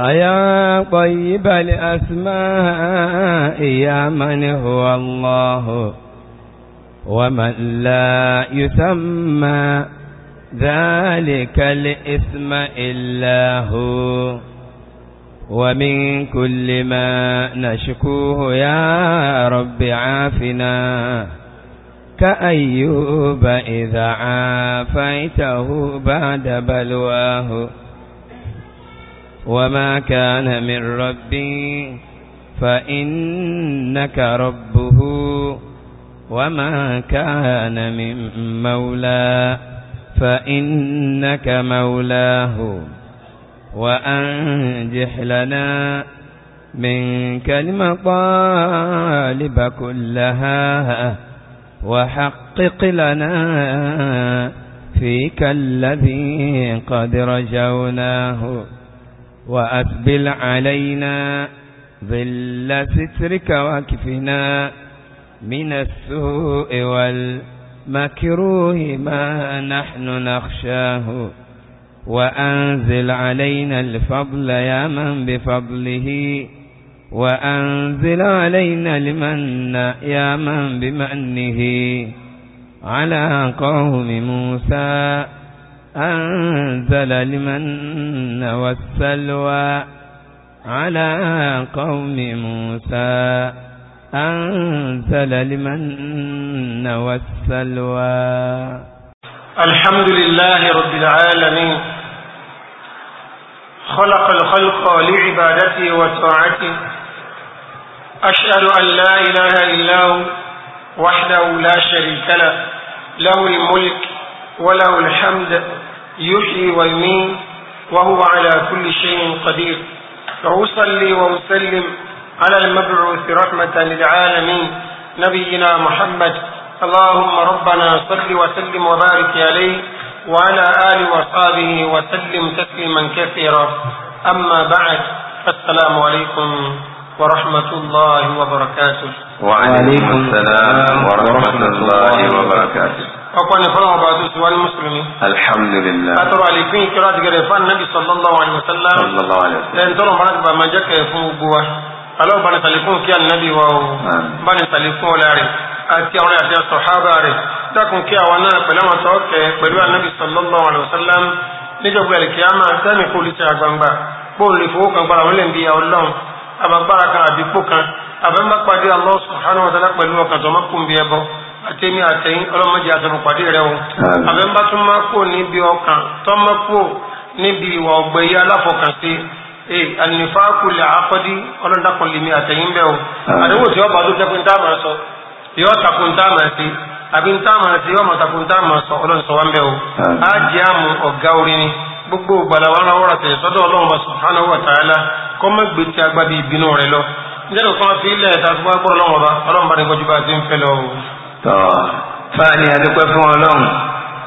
أيا طيب الأسماء يا من هو الله ومن لا يسمى ذلك الإثم إلا هو ومن كل ما نشكوه يا رب عافنا كأيوب إذا عافيته بعد بلواه وما كان من ربي فإنك ربه وما كان من مولى فإنك مولاه وأنجح لنا منك المطالب كلها وحقق لنا فيك الذي قد رجوناه وأسبل علينا ظل سترك واكفنا من السوء والمكروه ما نحن نخشاه وأنزل علينا الفضل يا من بفضله وأنزل علينا لمن يا من بمنه على قوم موسى أنزل المن والسلوى على قوم موسى أنزل المن والسلوى الحمد لله رب العالمين خلق الخلق لعبادته وطاعته أشهد أن لا إله إلا هو وحده لا شريك له له الملك وله الحمد يحيي ويميت وهو على كل شيء قدير وأصلي وأسلم على المبعوث رحمة للعالمين نبينا محمد اللهم ربنا صل وسلم وبارك عليه وعلى آله وصحبه وسلم تسليما كثيرا أما بعد فالسلام عليكم ورحمة الله وبركاته وعليكم السلام ورحمة الله وبركاته ọ̀pọ̀ ní fọ́nà ọba tó tiwá ní mùsùlùmí. alhamdulilayi. atọ́rọ àlékún ìkírọ́ àti gẹ̀rẹ̀ fún anabi sallallahu alayhi wa sallam. sallallahu alayhi wa sallam. lẹ́yìn tọ́nà bàrà bàmà jẹ́ kẹ̀ fún gbogbo wa. aláwọ̀ bá ní sàlékún kí anabi wa o. bá ní sàlékún ọ̀la rẹ̀ àti àwọn àti sàhábà rẹ̀. dákun kí àwọn náà pẹ̀lú àwọn tó kẹ̀ pẹ̀lú anabi sallallahu alayhi wa sallam. níjọba ìkìyàmà sẹ́ni kò lè àgbàǹgbà bóun lè kan gbára kan àbíkó pàdé Allah subhanahu wa ta'ala pẹ̀lú ọkàn tó má kún bí ẹbọ àtẹ́mi àtẹ́yìn ọlọ́mọdé àtọ́mù pàdé rẹ̀ o àbẹ́mbá tún máa kó níbi ọkàn tó máa kó níbi ìwà ọ̀gbẹ̀yẹ aláfọkànṣe ee ànífàákù lè àkọ́dí ọlọ́dàkùn lèmi àtẹ́yìn bẹ́ẹ̀ o àdéhùn tí a máa sọ yóò takùn tá a máa ṣe àbí tá a máa ṣe yóò máa takùn tá a máa sọ ọlọ́sọ wa ń bẹ́ẹ̀ o jẹ́ àmú gbogbo gbalawa ń tọ́ fáàní adúpẹ́ fún ọlọ́run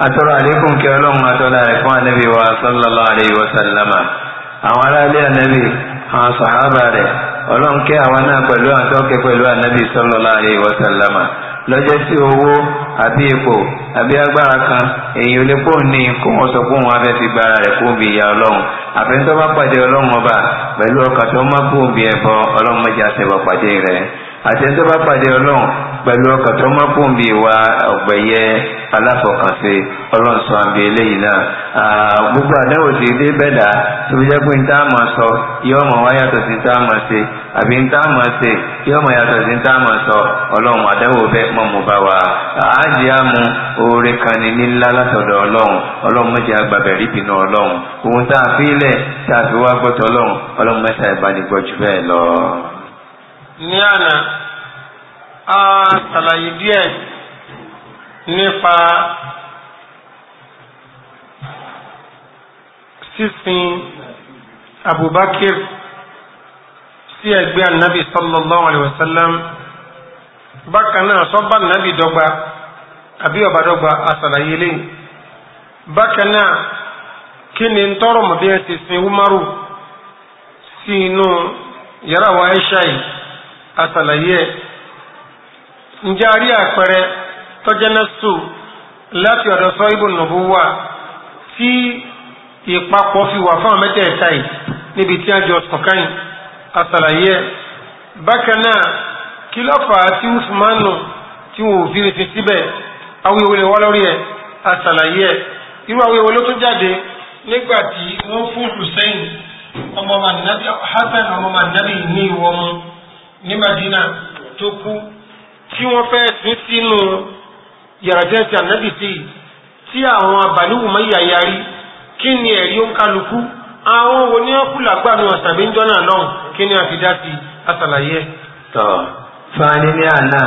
atọ́rọ àlékún kí ọlọ́run atọ́lá rẹ̀ fún ànábì wa sallallahu alayhi wa sallama àwọn aráalé ànábì àwọn sàhábà rẹ̀ ọlọ́run kẹ́ àwọn náà pẹ̀lú àtọ́kẹ́ pẹ̀lú ànábì sallallahu alayhi wa sallama lọ́jọ́ sí owó àbí ipò àbí agbára kan èyí ò lè pò ní kó wọn sọ pé òun afẹ́ fi gbára rẹ̀ kó bí ìyá ọlọ́run àfẹ́ńtọ́ bá pàdé ọlọ́run ọba pẹ̀lú ọkàn tó má kó bí ẹbọ ọlọ́run mọ́jà ṣẹbọ pàdé rẹ̀ àtẹ̀tọ́ bá pàdé ọlọ́run pẹ̀lú ọkọ̀ tó mọ́ fún bí wa ọ̀gbẹ̀yẹ aláfọkànṣe ọlọ́run sọ àbí eléyìí náà gbogbo àdáwò ti dé bẹ́ẹ̀dá tó fi jẹ́ pé níta mọ̀ sọ yọ ọmọ wa yàtọ̀ sí níta mọ̀ ṣe àbí níta mọ̀ ṣe yọ ọmọ yàtọ̀ sí níta mọ̀ sọ ọlọ́run àdáwò bẹ́ẹ̀ mọ̀ mọ̀ bá wa àájì àmú oore kan ní nílá látọ̀dọ̀ ọlọ́run ọlọ́run mọ̀jẹ̀ àgbàbẹ̀ rí ní àná a ṣàlàyé díẹ̀ nípa sísìn Abubakar sí ẹgbẹ́ ànábì sallallahu alaihi wasallam bákan náà sọ́bà ànábì dọ́gba àbí ọba dọ́gba àṣàlàyé lẹ́yìn bákan náà kí ni tọrọ mọ̀ bí ẹ Umaru sí inú yàrá wa Aisha yìí àṣàlàyé ẹ̀ ǹjẹ́ a rí àpẹẹrẹ tọ́jẹ́nẹ́sù láti ọ̀dọ̀ sọ ibùn nàbó wà tí ìpapọ̀ fi wà fún àmẹ́tẹ̀ẹ̀ta yìí níbi tí a jọ sọ̀káyìn àsàlàyé ẹ̀ bákan náà kí ló fà á tí usmanu tí wọn ò fi retí síbẹ̀ awuyewele wá lórí ẹ̀ àsàlàyé ẹ̀ irú awuyewele tó jáde nígbà tí wọ́n fún Hussein ọmọ mànàbí Hasan ọmọ mànàbí ní ìwọ́mu ní Madina tó kú tí wọ́n fẹ́ sin sínú yàrá tí wọ́n ti ànábì sí tí àwọn abàníwò máa yà yarí kí ni ẹ̀rí ó ń kálukú àwọn wo ní ọkù làgbàánu ọ̀sàbí ń jọ́nà lọ́hùn kí ni àfidá ti àṣàlàyé. tọ́ fani ní àná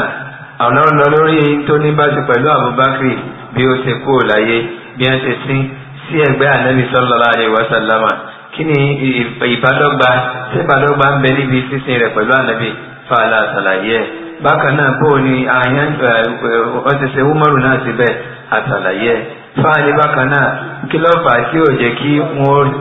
àwọn ọ̀nà lórí tó ní bá ti pẹ̀lú Abubakar bí ó ti kú láyé bí wọ́n ti sin sí ẹgbẹ́ ànábì sallallahu alaihi wasallam kí ni ìbádọ́gba tí ìbádọ́gba ń bẹ níbi sísin rẹ̀ pẹ̀lú ànábì fàlà àṣàlàyé ẹ̀ bákan náà bó ni àyàn ọ̀sẹ̀sẹ̀ húmọ́rù náà ti bẹ̀ àtàlàyé fáàlì bákan náà kí ló fà á tí ò jẹ́ kí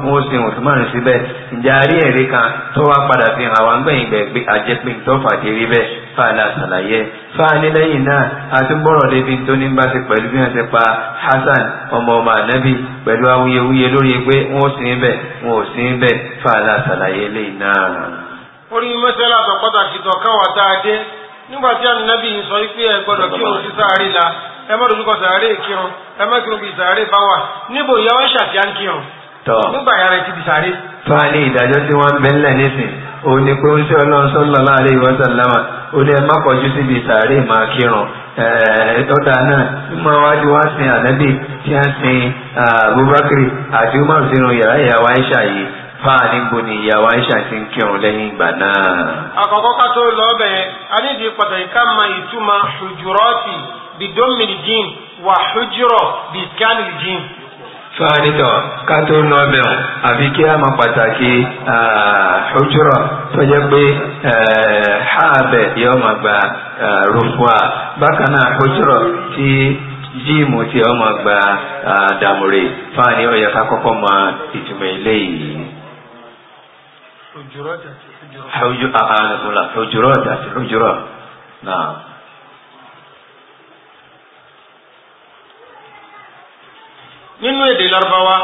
wọ́n sin Usman síbẹ̀ ǹjẹ́ a rí ẹ̀rí kan tó wá padà fi hàn àwọn gbẹ̀yìn gbẹ̀ àjẹpé tó fàdé rí bẹ́ẹ̀ fáàlì àtàlàyé fáàlì lẹ́yìn náà a tún bọ̀rọ̀ débi tó ní bá ti pẹ̀lú bí wọ́n ti pa Hasan ọmọ ọmọ ànábì pẹ̀lú awuyewuye lórí pé wọ́n sin bẹ́ẹ̀ wọ́n ò sin bẹ́ẹ̀ fáàlì àtàlàyé lẹ́yìn náà. orí mẹ́sàlá àtọ̀pọ̀tàkì nígbà tí ànábì sọ wípé ẹ gbọ́dọ̀ kí òun sí sáré la ẹ má dojúkọ sáré kírun ẹ má kírun bí sáré bá wà níbo ìyá wọn ṣàfihà ń kírun nígbà ìyá rẹ ti di sáré. fún àní ìdájọ́ tí wọ́n ń bẹ́ńlẹ̀ nísìn òun ni pé ó ń ṣe ọlọ́run sọ́lọ́lá àlẹ́ ìwọ́sàlámà ó ní ẹ má kọjú síbi sáré máa kírun ẹ̀ẹ́dọ́ta náà mímọ́ wájú wá sin ànábì tí a sin Abubakar àti Umar sínú yàrá ìyàwó Aisha yìí fáà níbo ni ìyàwó aisha ti ń kírun lẹ́yìn ìgbà náà. àkọ́kọ́ ká tó lọ ọbẹ̀ yẹn a ní ìdí pàtàkì ká mọ ìtumọ̀ hujurọ́ọ̀tì bidomini jin wà hujurọ̀ bìkánì jin. fáà nítọ̀ ká tó lọ ọbẹ̀ ọ̀ àfi kí a mọ pàtàkì hujurọ̀ tó jẹ́ pé haabẹ̀ yóò máa gba rufua bákan náà hujurọ̀ tí jíìmù tí ọmọ gba dàmúre fáà ní ọ̀yẹ̀ká kọ́kọ́ mọ ìtumọ̀ eléyìí. حجرات حجرات حجرات حجرات نعم nínú èdè Lárúbáwá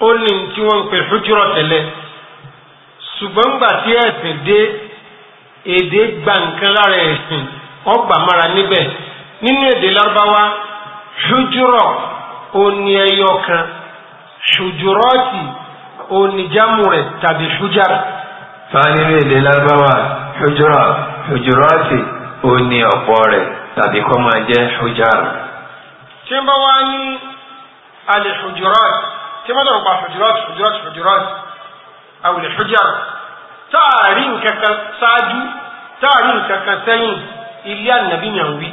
ó ní tí wọ́n ń pè hújúrọ̀ tẹ́lẹ̀ ṣùgbọ́n gbà tí ẹ̀sìn dé èdè gba nǹkan lára ẹ̀sìn ọgbà mara níbẹ̀ nínú èdè Lárúbáwá hújúrọ̀ ó ní ẹyọ kan ṣùjúrọ́ọ̀tì oníjàmù rẹ̀ tàbí ṣújàrà. fánílẹ̀ èdè lágbáwá ṣújúrà ṣújúrọ́ọ̀tì ó ní ọ̀pọ̀ rẹ̀ tàbí kọ́ máa jẹ́ ṣújàrà. tí bá wá ní alẹ́ ṣújúrọ́ọ̀tì tí wọ́n sọ̀rọ̀ pa ṣújúrọ́ọ̀tì ṣújúrọ́ọ̀tì ṣújúrọ́ọ̀tì àwùlẹ̀ ṣújàrà táàrí nǹkan kan ṣáájú táàrí nǹkan sẹ́yìn ilé ànàbíyàn wí.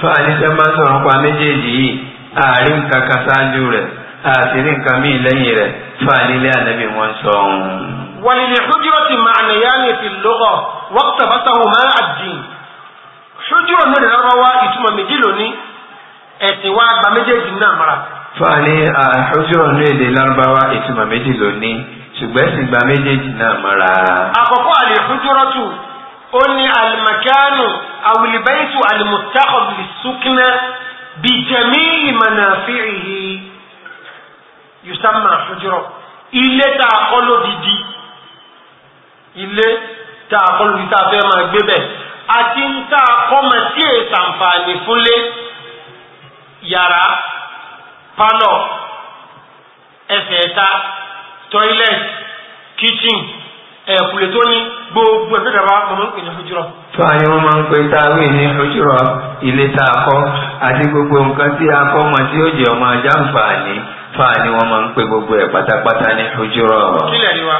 fánílẹ̀ máa sọ̀rọ̀ pa méjèèjì yìí àárín nǹkan ṣáájú rẹ̀ àtìrí nǹkan míì lẹ́yìn rẹ̀ fáàlílé ànábì wọn sọ ohun. wàlìlẹ̀ ṣújúrò ti máa nìyá ní ti lọ́kọ̀ wọ́pútà bá sáwọn máa àdìn ṣújúrò náà lọ́rọ́ wá ìtumọ̀ méjì lónìí ẹ̀sìn wa gba méjèèjì náà mara. fáàlì àṣújúrò náà èdè lárúbáwá ìtumọ̀ méjì lónìí ṣùgbọ́n ẹ̀sìn gba méjèèjì náà mara. àkọ́kọ́ àlè ṣújúrò tù ó ní alimakanu awulibaitu alimutakọ̀bìlì sukina bìjẹ̀mí ìmọ̀nàfíìhì yusamma hujurọ ilé tá a kọ́ lódìdí ilé tá a kọ́ lódìdí tá a fẹ́ máa gbé bẹ̀ àti ń tá a kọ́ mọ̀ tí èè fúnlé yàrá pálọ̀ ẹsẹ̀ ẹ̀ta toilet kitchen ẹ̀kùlé tó ní gbogbo ẹ̀fẹ́ ìjọba mọ̀mọ́ ń pè ní hujurọ tó àyẹ̀ wọn máa ń pe táwí ní hujurọ ilé tá a kọ́ àti gbogbo nǹkan tí a kọ́ mọ̀ tí ó jẹ́ ọmọ ajáǹfààní fáà ni wọ́n máa ń pè gbogbo ẹ̀ pátápátá ní hujura. kílẹ̀ ni wa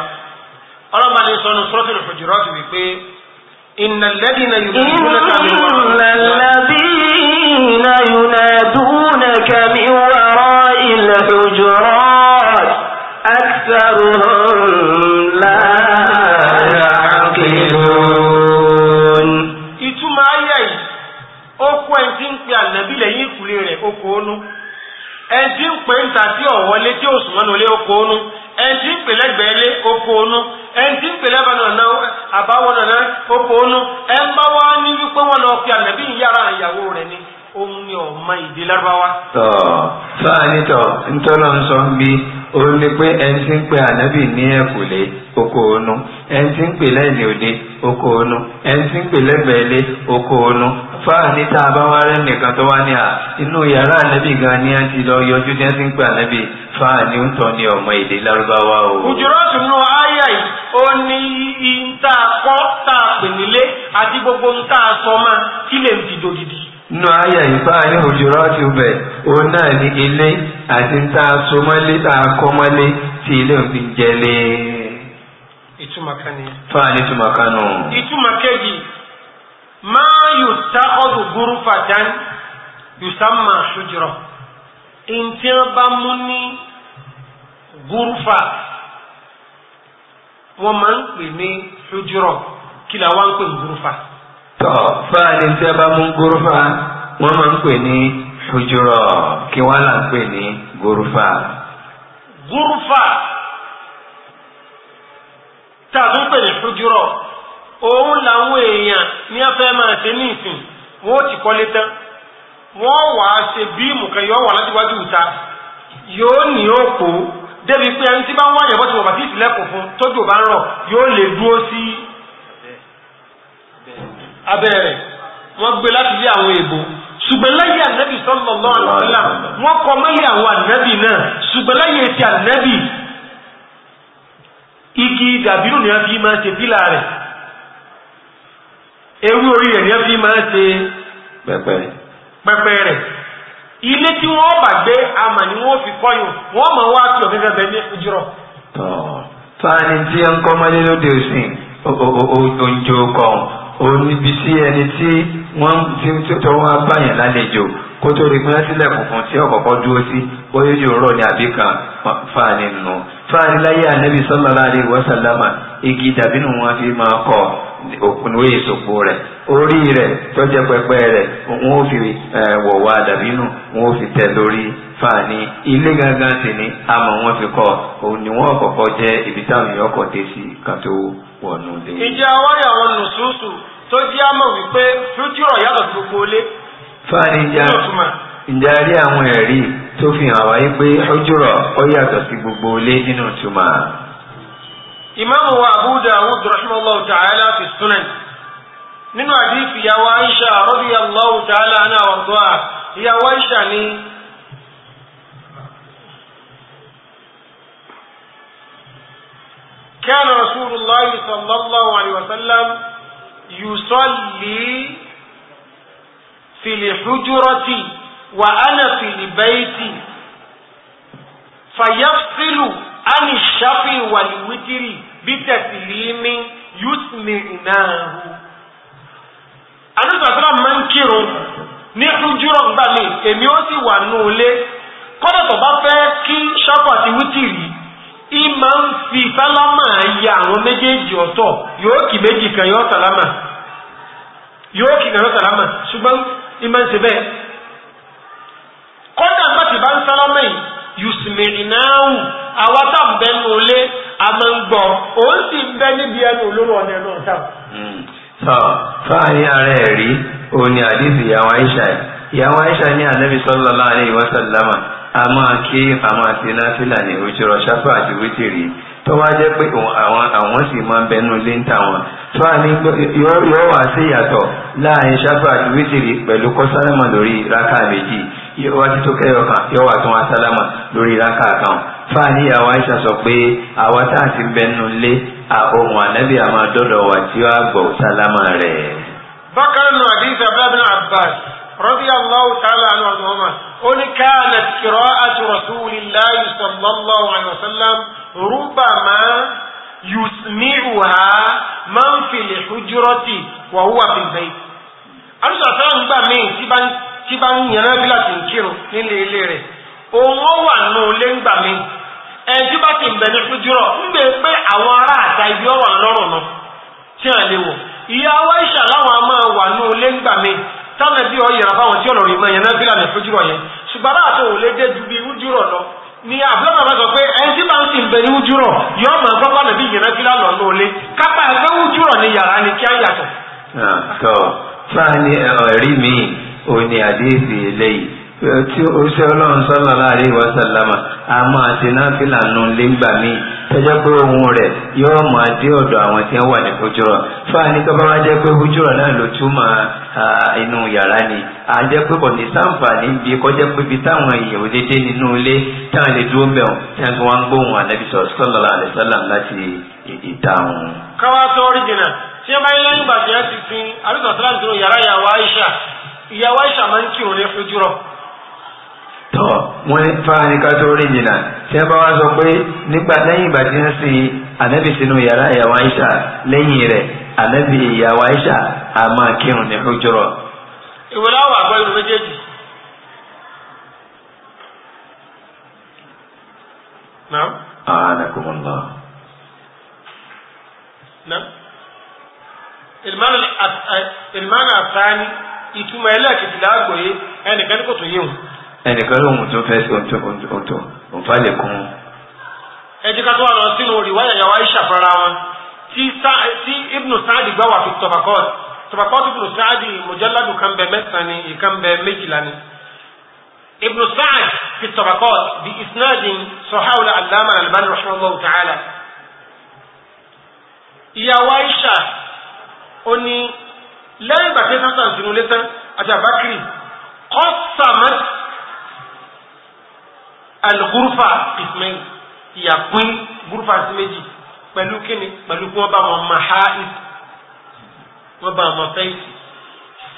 ọlọ́mọ alẹ́ sọ́nu suratul hujurat wípé inna alladhina yunadunaka min wara'il hujurat aktharuhum la yaqilun. ìtumọ̀ ayé yìí ó kó ẹni tí ń pe ànábì lẹ́yìn ìkùlé rẹ̀ ó kó o nú ẹtí ń pè ń ta sí ọ̀wọ́lé tí ó sùn mọ́nulé oko onú ẹtí ń pè lẹ́gbẹ̀ẹ́ lé oko onú ẹtí ń pè lẹ́bàánà àbáwọ̀nà oko onú ẹ ń bá wá ní wípé wọ́n lọ fi ànàbí ìyára ìyàwó rẹ̀ ni òun ni ọ̀ma ìdè lárúbáwá. tọ́ sáà nítọ̀ ntọ́lọ́ ń sọ bí ó ní pé ẹni tí ń pe ànábì ní ẹ̀kúlé oko onu ẹni tí ń pè lẹ́yìn òde oko onu ẹni tí ń pè lẹ́gbẹ̀ẹ́ ilé oko onu fáàní tá a bá wá rẹ́ nìkan tó wá ní à inú yàrá ànábì gan ni a ti lọ yọjú ní ẹni tí ń pe ànábì fáàní ń tọ́ ní ọmọ èdè lárúbáwá o. òjòrọ́sùn náà áyà yìí ó ní ìta kọ́ tá a pè nílé àti gbogbo ń tá a sọ máa kí lè ń fi dòdìdì nínú àyà ìfá ní òjòrọ́tì ọbẹ̀ òun náà ní ilé àti ń tá a so mọ́lé ilé ń fi jẹlé. ìtumọ̀ kan ni. fáàlì ìtumọ̀ kan nù. ìtumọ̀ kejì máa yóò ta ọdún gúrú fàdán yóò sá máa ṣojúrọ̀ ntí wọn bá mú ní gúrú fà wọn máa ń pè ní ṣojúrọ̀ kí làwọn ń pè ní gúrú fà. tọ́ fáàlì tí a bá mú gúrúfà wọ́n máa ń pè ní kí wọ́n là ń pè ní tá a tún pè èèyàn ní máa ṣe ní ìsìn ti kọ́lé tán ṣe yóò wà ìta yóò ní débi pé ẹni tí bá ń fún tójú ò bá ń rọ̀ yóò lè dúró abẹ́rẹ́ wọ́n gbé láti lé àwọn èèbò ṣùgbọ́n ànábì sallallahu alaihi wọ́n kọ mẹ́lẹ̀ àwọn ànábì náà ṣùgbọ́n ti ànábì igi ni wọ́n fi máa ṣe pílà rẹ̀ ewé orí rẹ̀ ni fi máa ṣe pẹpẹ rẹ̀ ilé tí wọ́n bà gbé àmà ni wọ́n fi kọ́yùn wọ́n mọ̀ wá kí ọ̀gẹ́gẹ́ bẹ ní ìjírọ̀. tọ́ tani tí ń òun níbi sí ẹni tí wọ́n ti tó wọ́n báyàn lálejò kó tó rí pín sílẹ̀ funfun tí ọ̀kọ̀ọ̀kọ́ dúró sí bóyá yóò rọ̀ ní àbí kan fáàní nù fáàní láyé ànábì sallallahu alaihi wasallama igi dàbínú wọn fi máa kọ òkùnwé ìsòpò rẹ̀ orí rẹ̀ tọ́jẹ́ pẹpẹ rẹ̀ wọ́n fi wọ̀wá dàbínú wọ́n fi tẹ̀ lórí fáàní ilé gangan sì ni àmọ́ wọ́n fi kọ́ òun ni wọ́n kọ́kọ́ jẹ́ ibi táwọn èèyàn kọ̀ dé sí kan tó lé. ìjà wáyà wọn nù sùúrù tó jẹ́ àmọ̀ wípé fíjúrọ̀ yàtọ̀ sí gbogbo ilé. fani ìjà ìjà rí àwọn ẹ̀rí tó fi hàn wáyé pé fíjúrọ̀ ó yàtọ̀ sí gbogbo ilé nínú ìtumọ̀. ìmáàmù wa Abu Dawud rahimahullahu ta'ala fi sunan nínú àdìsí ìyàwó Aisha radiyallahu ta'ala anha àwọ̀dọ́à ìyàwó Aisha ni. كان رسول الله صلى الله عليه وسلم yusalli fil hujurati wa ana fil bayti fayafsilu ani shafi wal witri bi taslimi yusmi'nahu anu sasra man kírun ní hujuro gba mi èmi ó sì wà nu ilé kódà tó bá shafi àti witri ìmọ̀ ń fi sálámà ya àwọn méjèèjì ọ̀tọ̀ yóò kì méjì kan yóò sálámà yóò kì kan yóò sálámà ṣùgbọ́n ìmọ̀ ń ṣe bẹ́ẹ̀ kọ́dà bá ti bá ń sálámà yìí yùsùmìrìnáwù àwa tá à ń bẹ hmm. ní olé ni àdìsí ìyàwó Aisha a máa kí a máa ti náfìlà ní ojúrọ ṣáfà àti wítìrì tó wá jẹ́ pé àwọn àwọn sì máa ń bẹnu lé ń tà wọn tó wà ní yóò wá sí ìyàtọ̀ láàrin ṣáfà àti wítìrì pẹ̀lú kọ́sálámà lórí rákà méjì yóò wá títún kẹyọkàn yóò wá tún wá sálámà lórí rákà kan fáàní àwọn àìsàn sọ pé àwa tá à ti bẹnu lé ohun ànábì àmọ́ dọ́dọ̀ wà tí ó àgbọ̀ sálámà rẹ̀. bákan náà àdìsí abúlábìnrin Abbas رضي الله تعالى عنه وارضاهما قل كانت قراءة رسول الله صلى الله عليه وسلم ربما يسمعها من في الحجرة وهو في البيت arúgbà sáà ń gbà míì tí bá ń yẹn náà láti bá ti ń pé àwọn ará àta ibi ọ̀rọ̀ náà tí a lè wọ̀ ìyá táwọn ẹbí ọ yẹra fáwọn tí ọ̀nà rí mọ ìyẹn bílà ní fojúrọ̀ yẹn ṣùgbọ́n àti òun lè dé ju bí wújúrọ̀ lọ ni àbúrò bá sọ pé ẹni tí máa ń sì ń bẹ ní wújúrọ̀ mọ̀ ẹ̀kọ́ pàdé bí ìyẹn bílà lọ ní olé kápá ẹgbẹ́ wújúrọ̀ ni yàrá ni kí á yàtọ̀. Ah, tó fáàní ẹ̀rí mi ò ní àdéhìí eléyìí tí oṣù ọlọ́run sallallahu alaihi wa sallama a máa ti náà fi lànà léngbà mi tọ́jọ́ pé ohun rẹ̀ yóò máa dé ọ̀dọ̀ àwọn tí wọ́n wà ní hujura fáàní tó bá wá jẹ́ pé hujura náà ló túmọ̀ inú yàrá ni à ń jẹ́ pé kò ní sáǹfààní bí kọjá pé ibi táwọn èèyàn ò dédé nínú ilé táwọn lè dúró mẹ́wọ̀n tí wọ́n fi wá ń gbóhùn ànábì sallallahu alaihi wa sallam láti ìdáhùn. káwá tó rí jìnnà tí ẹ bá ń lẹ́yìn ìgbà tí ẹ ti fi àbíkọ̀ sílẹ̀ nínú yàrá ìyàwó Aisha ìyàwó Aisha máa ń kírun ní hujura tọ́ wọ́n ní fáàní ká tó rí jìnnà tí wọ́n bá wá sọ pé nígbà lẹ́yìn ìgbà tí wọ́n sì ànábì sínú yàrá ìyàwó Aisha lẹ́yìn rẹ̀ ànábì ìyàwó Aisha a máa kírun ní hujurọ. ìwé láwọn àgbọ̀ ìlú méjèèjì. Naam. Anakum Allah. Naam. Ìlmánà àtàní ìtumọ̀ ẹlẹ́ẹ̀kejì láàgbọ̀ ẹnìkan kò tó yéwu ẹnìkan lóhun tó fẹ́ sí òǹtò òǹfà lè kún un. ẹ jẹ́ ká tó wà lọ sínú olùwáyà yàwá ìṣàfara wọn tí ibnu sáàdì gbà wà fi tọ̀bàkọ́t tọ̀bàkọ́t ibnu sáàdì mujalladu kan bẹ mẹ́sàn-án ni ìkan bẹ méjìlá ni. ibnu sáàdì fi tọ̀bàkọ́t bí isnadin sọ̀háwùlà aláma albani rahimahullahu ta'ala. ìyàwó aisha ó ní lẹ́yìn ìgbà tí sátán sínú létán àti àbákiri kọ́sàmẹ́tì alùgúrúfà kìsìmẹ́yìn ìyàpín gúrúfà sí méjì pẹ̀lú kíni pẹ̀lú kí wọ́n bá wọn máa há ìsì wọ́n bá wọn fẹ́ǹsì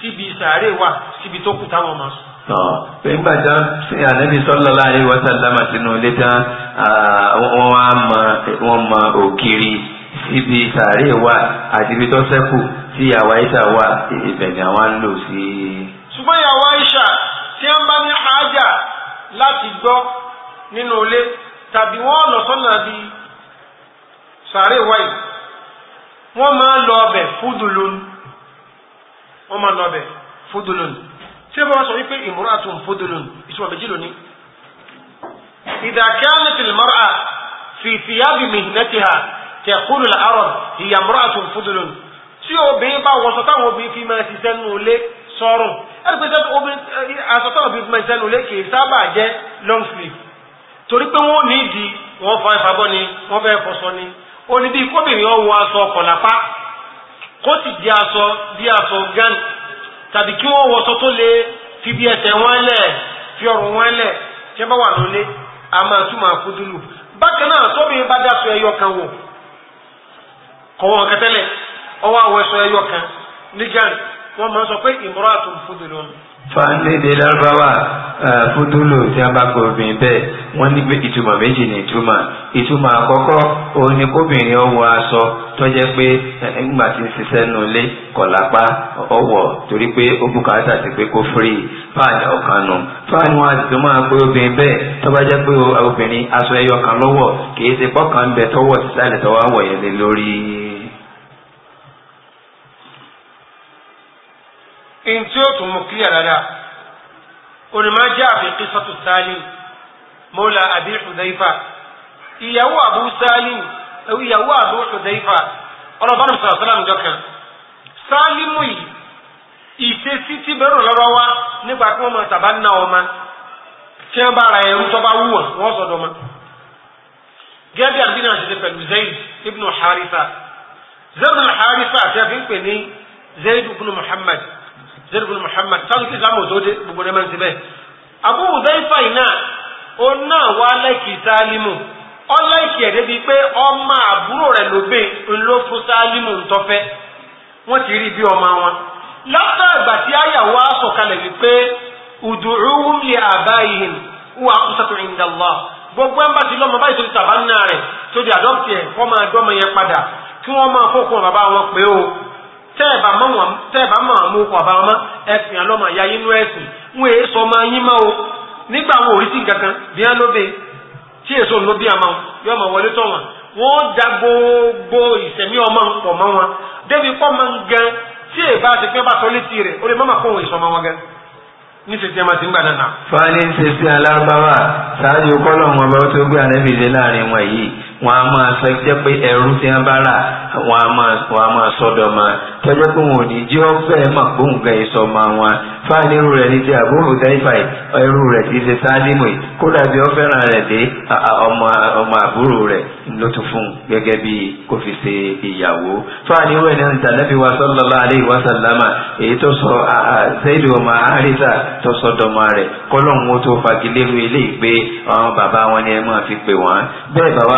síbi sàárè wà síbi tó kù táwọn máa sùn nígbà tí wọ́n ànábì sallallahu alaihi wasallam sínú ilé tán ah, wọ́n wá mọ wọ́n mọ ògiri síbi sàárè wa àti ibi tó ṣẹ́kù tí ìyàwó Aisha wà ibẹ̀ ni àwọn ń lò sí. ṣùgbọ́n ìyàwó Aisha tí wọ́n bá ní àájà láti gbọ́ nínú ilé tàbí wọ́n lọ sọ́nà bí sàárè wáyé wọ́n máa lọ ọbẹ̀ fúdùlùn wọ́n máa lọ ọbẹ̀ fúdùlùn tí wọ́n sọ wípé imra'atun fúdùlùn ìṣúná méjì lónìí. idha kanat al-mar'a fi thiyab mihnatiha taqulu al-arab hiya imra'atun fúdùlùn tí obìnrin bá wọṣọ táwọn obìnrin fi máa ṣiṣẹ́ nù lé sọ́rùn ẹ̀rọ pé obìnrin fi máa ṣiṣẹ́ nù lé kì sábà jẹ́ long sleeve torí pé wọ́n ní ìdí wọ́n fa ìfabọ́ ni wọ́n fẹ́ fọṣọ ni ó ní bí kóbìnrin ọwọ́ aṣọ kọ̀lápá kó sì di aṣọ bí aṣọ gan tàbí kí wọ́n wọṣọ tó lè fi bí ẹsẹ̀ wọn lẹ̀ fi ọrùn wọn lẹ̀ tí wọ́n bá wà lólé a máa tún máa bákan náà tóbìnrin bá dáṣọ ẹyọ kan wò kọ̀wọ́n kẹtẹ́lẹ̀ ọwọ́ àwọ̀ ẹ̀ṣọ ẹyọ kan nígàrí wọ́n máa sọ pé ìmúra àtúnfúdùlónìí fàndédé lárúbáwá eh, fúdúlù tí a bá gbọ́ obìnrin bẹ́ẹ̀ wọ́n ní pé ìtumọ̀ méjì ní ìtumọ̀ ìtumọ̀ àkọ́kọ́ òun ni kóbìnrin ó wọ aṣọ tó jẹ́ pé eh, nígbà tí ń ṣiṣẹ́ nù lé kọ̀lápá ọwọ́ torí pé ó bùkátà sí pé kó firi fáàdì ọ̀kan nù fáàdì wọn àti tó máa pé obìnrin bẹ́ẹ̀ tó bá jẹ́ pé obìnrin aṣọ ẹyọ kan lọ́wọ́ kì í ṣe pọ́kàn ń bẹ tọ́wọ́ sísàlẹ̀ tọ́wọ́ wọ̀nyẹn lórí ntí ó tún mú kílíà dáadáa onímọ̀já àfi qisatu Salim mọ́lá Abi Hudayfa ìyàwó Abu Salim ìyàwó Abu Hudayfa ọlọ́ba ní sọ̀rọ̀ sálàmù jọkàn Salimu yìí ìṣesí tí bẹ́rù lọ́rọ́ wá nígbà tí wọ́n mọ̀ tàbá ń ná ọmọ tí wọ́n bá ra ẹ̀rú tó bá wù wọ́n wọ́n sọ̀dọ̀ mọ́ gẹ́gẹ́ àti náà ṣe pẹ̀lú Zayd ibn Haritha Zayd ibn Haritha àti àfi ń pè ní Zayd ibn Muhammad zeribun muhammad sáwọn kí sáwọn òtó dé gbogbo rẹ̀ máa ń ṣe bẹ́ẹ̀ Abu Hudhaifa iná ó náà wá láìkì sáálímù ọ láìkì ẹ̀ débi pé ọmọ àbúrò rẹ̀ ló gbé ti li abaihim aqsatu inda Allah gbogbo bá ti lọ́mọ báyìí tó ti tàbá ń rẹ̀ tó di àdọ́pì ẹ̀ kọ́ máa dọ́mọ tẹ́ẹ̀bà mọ̀ àmú ọkọ̀ àbá ọmọ ẹ̀sìn àlọ́mọ ìyá inú ẹ̀sìn wọ́n èé sọ ọmọ yín máa o nígbà àwọn òrìṣì kankan bí wọ́n ló tí èso ló bí àmọ́ yóò mọ̀ wọlé tọ̀ wọn wọ́n da gbogbo ìsẹ̀mí ọmọ pọ̀ mọ́ wọn débi pọ́ gan tí èbá ti pẹ́ bá sọ létí rẹ̀ ó lè ní a ti ń gbà fani ń ṣe sí alábáwá ṣáájú kọ́lọ̀ wọn a máa sọ jẹ́ pé ẹrú tí wọ́n bá rà wọn a máa wọn a máa sọ́dọ̀ ma tọ́jọ́ pé wọn ò ní jí ọ́fẹ́ mà gbóhùn gan ìsọ ma wọn fáàní irú rẹ̀ ní ti àbúrò dáìfàì ẹrú rẹ̀ ti ṣe sálímù yìí kódà bí ó fẹ́ràn rẹ̀ dé ọmọ ọmọ àbúrò rẹ̀ ló tún fún gẹ́gẹ́ bí kò fi ṣe ìyàwó fáàní irú ẹ̀ náà ní tànàbí wa sallallahu alaihi wa sallama èyí tó sọ ṣẹ́ẹ̀dì ọmọ àríṣà tó sọdọ̀mọ rẹ̀ kọ́lọ́hún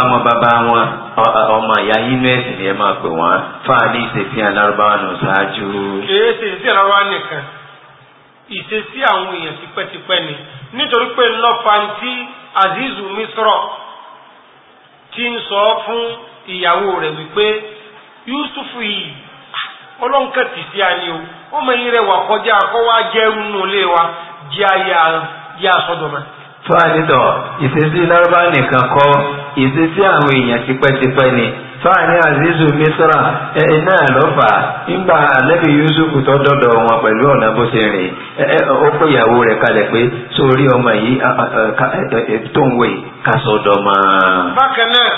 ó bàbá wọn ọmọ ìyá yín ní ẹ̀sìn ni ẹ máa pè wọ́n fáàlì ìṣesí alárúbáwá nù ṣáájú. kìí ṣe ìṣesí alárúbáwá nìkan ìṣesí àwọn èèyàn tipẹ́tipẹ́ ni nítorí pé lọ́fàǹtì azizu misrọ̀ ti ń sọ fún ìyàwó rẹ̀ wípé yusufu yìí ọlọ́nkà tì sí àní o ọmọ yìí rẹwà kọjá akọ́wá jẹ́rú nù lé wa jẹ́ àyà sọ́dọ̀ mọ́. fáàlì dọ̀ ìṣesí lárúbáwá nìkan kọ́ ìṣesí àwọn èèyàn tipẹ́tipẹ́ ni fáàní azizu misra ẹ náà ló fà á nígbà alẹ́bí yusuf tó dọ́dọ̀ wọn pẹ̀lú ọ̀nà bó ṣe rìn ó pé ìyàwó rẹ̀ kalẹ̀ pé sórí ọmọ yìí tó ń wé kásọ̀dọ̀ mọ́. bákan náà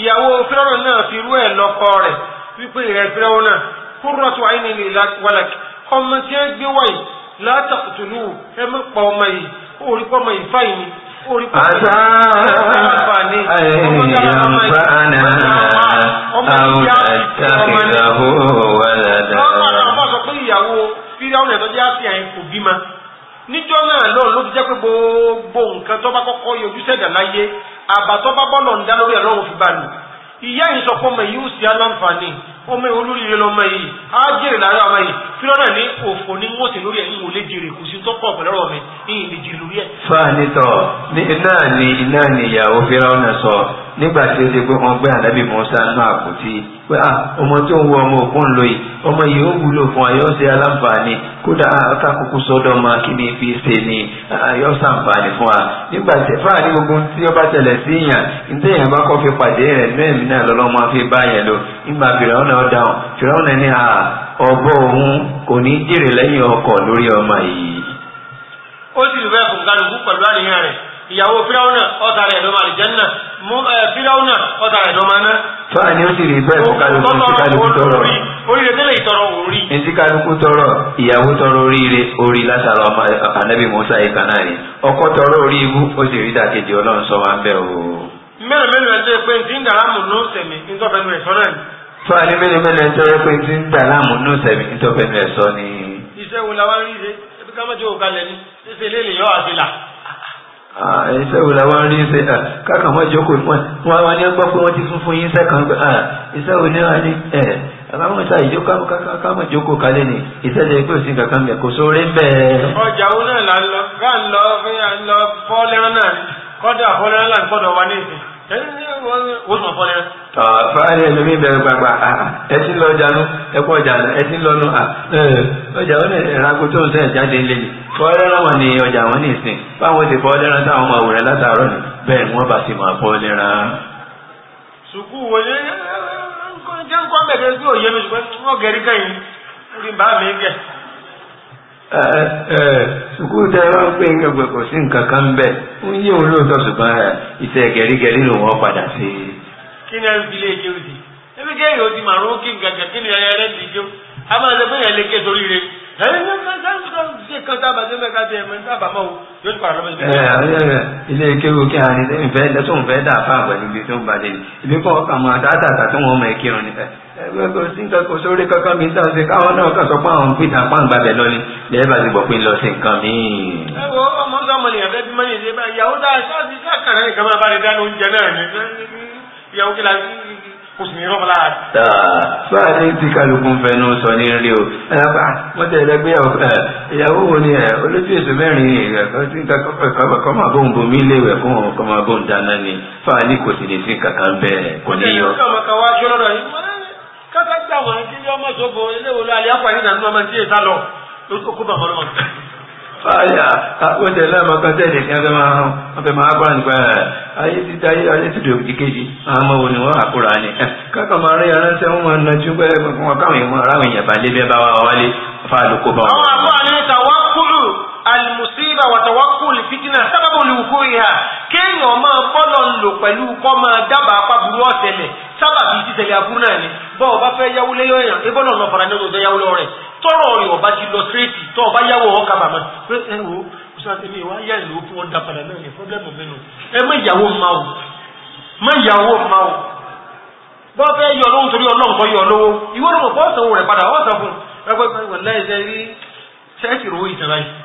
ìyàwó fúlọ́rọ̀ náà fi rú ẹ̀ lọ́kọ rẹ̀ wípé ìrẹ̀ fúlọ́rọ̀ náà kúrò tó àyìn ní wàlàk ọmọ tí ẹ gbé wáyé látàkùtù lù ẹ mọ̀ pa ọmọ yìí ó rí pọ́ ọmọ yìí fáyìí Àṣà àyànfàànà àwọn àtàkìtàwó wà dáadáa. Níjọ́ náà lọ́ọ̀ ló ti jẹ́ pé gbogbo nǹkan tó bá kọ́kọ́ yọjú sẹ̀dá láyé, àbàtọ́ bá bọ́ọ̀lù ọ̀ǹda lórí ẹ̀rọ òfin bá lù. Ìyá yìí yìí ó sì á ọmọ olóríire lọmọ yìí á jèrè lára ọmọ yìí kí lọ́nà ní òfò ní wọ́n lórí ẹ̀yìn olè jèrè kù sí tọ́pọ̀ pẹ̀lú mi ní ìlè lórí ẹ̀. fáànítọ̀ náà ni iná ni ìyàwó fẹ́ràn sọ nígbà tí ó ṣe pé wọ́n gbé ànábì Mùsá nú àpótí pé à ah, ọmọ tó ń wo ọmọ òkun yìí ọmọ yìí ó wúlò fún ayọ́ aláǹfààní kódà ah, sọ́dọ̀ ọmọ kíni fi ah, fún wa nígbà tí fáà ní gbogbo tí ó bá tẹ̀lẹ̀ sí níta èèyàn bá kọ́ fi pàdé rẹ̀ fi bá yẹn lo ìyàwó fíráúnà ọ̀tàrẹ̀ ẹ̀dọ́mà àlìjẹ́nà fíráúnà ọ̀tàrẹ̀ ẹ̀dọ́mà náà. fáà ni ó sì rí bẹ́ẹ̀ fún kálukú tí kálukú tọrọ oríire tẹ́lẹ̀ ìtọrọ orí. ní tí kálukú tọrọ ìyàwó tọrọ oríire orí látara ọmọ anábì musa yìí kan náà ni ọkọ tọrọ orí ibú ó sì rí dàkejì ọlọ́run sọ wá ń bẹ̀ o. mẹ́rin mẹ́rin ẹ̀ ń tẹ́ pé ti ń dàrá mù ní sẹ̀mí ní tọ́fẹ́nu ẹ̀ sọ náà ni. fáà ni mẹ́rin mẹ́rin ẹ̀ ń tẹ́ pé ti ń dàrá mù ní sẹ̀mí ní tọ́fẹ́nu ẹ̀ sọ ni. iṣẹ́ wo la wá rí ṣe ẹbí ká má jẹ́ òkàlẹ̀ ni ṣé ṣe lé ẹ̀ṣẹ́ wo làwọn rí ṣe kákan mọ́ ìjókòó fún ẹ wọn ni gbọ́ pé wọ́n ti fún fún yín sẹ́kàn gbé ẹ̀ṣẹ́ wo ni wọ́n ní ẹ̀ àbáwọn ìta ìjókòó kámọ̀ ìjókòó kalẹ̀ ni ìṣẹ̀lẹ̀ pé òsín kankan mẹ́ kò sóore ń bẹ́ẹ̀. ọjà òun náà là lọ ká lọ fún yà ń lọ náà kọ́dà fọ́lẹ́rán náà gbọ́dọ̀ wà ní ìsìn. fàárẹ̀ lómi ìbẹ̀rù gbàgbà ẹ ti ń lọ ọjà nú eti kú ọjà ẹ ti ń lọ nú ọjà ó ní ìrago tó ń sẹ́ jáde wọn ni ọjà wọn ní ìsìn ti táwọn látàárọ̀ ni bẹ́ẹ̀ wọ́n bá ti máa fọ́ọ́lẹ́rán. sùkú wo ni jẹ́ ń kọ́ bẹ̀rẹ̀ sí òye mi ṣùgbọ́n wọ́n bá mi gẹ̀. sùkúù tẹ wá pé gbogbo kò sí nǹkan kan bẹ́ẹ̀ ń yí ise lóòótọ́ ṣùgbọ́n iṣẹ́ gẹ̀rígẹ̀rí ló wọ́n padà sí. kí ni ẹbí di ti màrún kí nǹkan kan kí ni ẹyẹ rẹ jó elekere máa ilé kéwú kí a ní ìfẹ́ lẹ́tọ̀ọ́ fẹ́ dà fáà pẹ̀lú ibi tó bàjẹ́ ni ibi kọ́ ọkà máa dáadáa tó wọ́n mọ̀ ẹ̀kírun ni ẹgbẹ́ sí nǹkan kò sórí kankan mi dáhùn sí káwọn náà kàn sọ pé àwọn ń pìtà pàǹgbà bẹ̀ lọ ni lẹ́yìn bá ti gbọ́ pé ń lọ sí nǹkan míì. ẹ wo ọmọ sọmọ nìyẹn fẹ́ bí mọ́ ní ìdíbà ìyàwó dáa ṣáàṣì sákàrà nìkan máa bá ní dáná oúnjẹ náà ní ìyàwó kí báà ní ti kálukú ń fẹnu sọ ní rí o ẹnàpá wọn tẹ ẹlẹgbẹ ìyàwó wo ni ẹ olójú èso mẹ́rin kọmọ bóun bomi léwẹ fún ọmọ kọmọ bóun dáná ni fáà ní kò sì lè sí kankan bẹ́ẹ̀ kò ní yọ. kátà gbà wọn kí ọmọ sọ bọ eléwo lọ àlẹ àpàyàn ọmọ tí èsà lọ lókùnkùn bàbá ọlọmọ fáyà àpótẹ ah, lẹ́mọ̀ kan tẹ̀lé ní ọgbẹ́ máa hàn ọgbẹ́ máa bá nípa ẹ̀ ayé ti dá ayé ayé ti dòwò díkejì àwọn ọmọ òní wọn àkúrà ni eh, kákan máa rí aránsẹ́ wọn máa najú pé wọn káwọn èèyàn aráwọ̀ èèyàn bá lé bẹ́ẹ̀ bá wà wálé fáà bá wọn. àwọn àbúrò almusiba wàtàwákùl fitna sababu lùkúrìhà kéèyàn máa bọ́lọ̀ ń lò pẹ̀lú kọ́ máa dábàá pàbùrú ọ̀tẹ̀lẹ̀ sábàbí títẹ̀lẹ̀ àbúrú náà ni bọ́ ọba fẹ́ yáwó lẹ́yọ èèyàn ebọ́lọ̀ náà fara ní ọdún yáwó lọ rẹ̀ tọrọ rẹ̀ ọba ti lọ síréètì tọ́ ọba yáwó ọ̀ kábàámọ̀ pé ẹ wo kùsùn àti mi wá yá ìlú fún ọ̀dà padà náà ní pọ́blẹ́mù mẹ́nu ẹ mọ ìyàwó ma o mọ ìyàwó ma o bọ́ fẹ́ yọ lóhun torí ọlọ́nkọ yọ lówó ìwọ́n mọ̀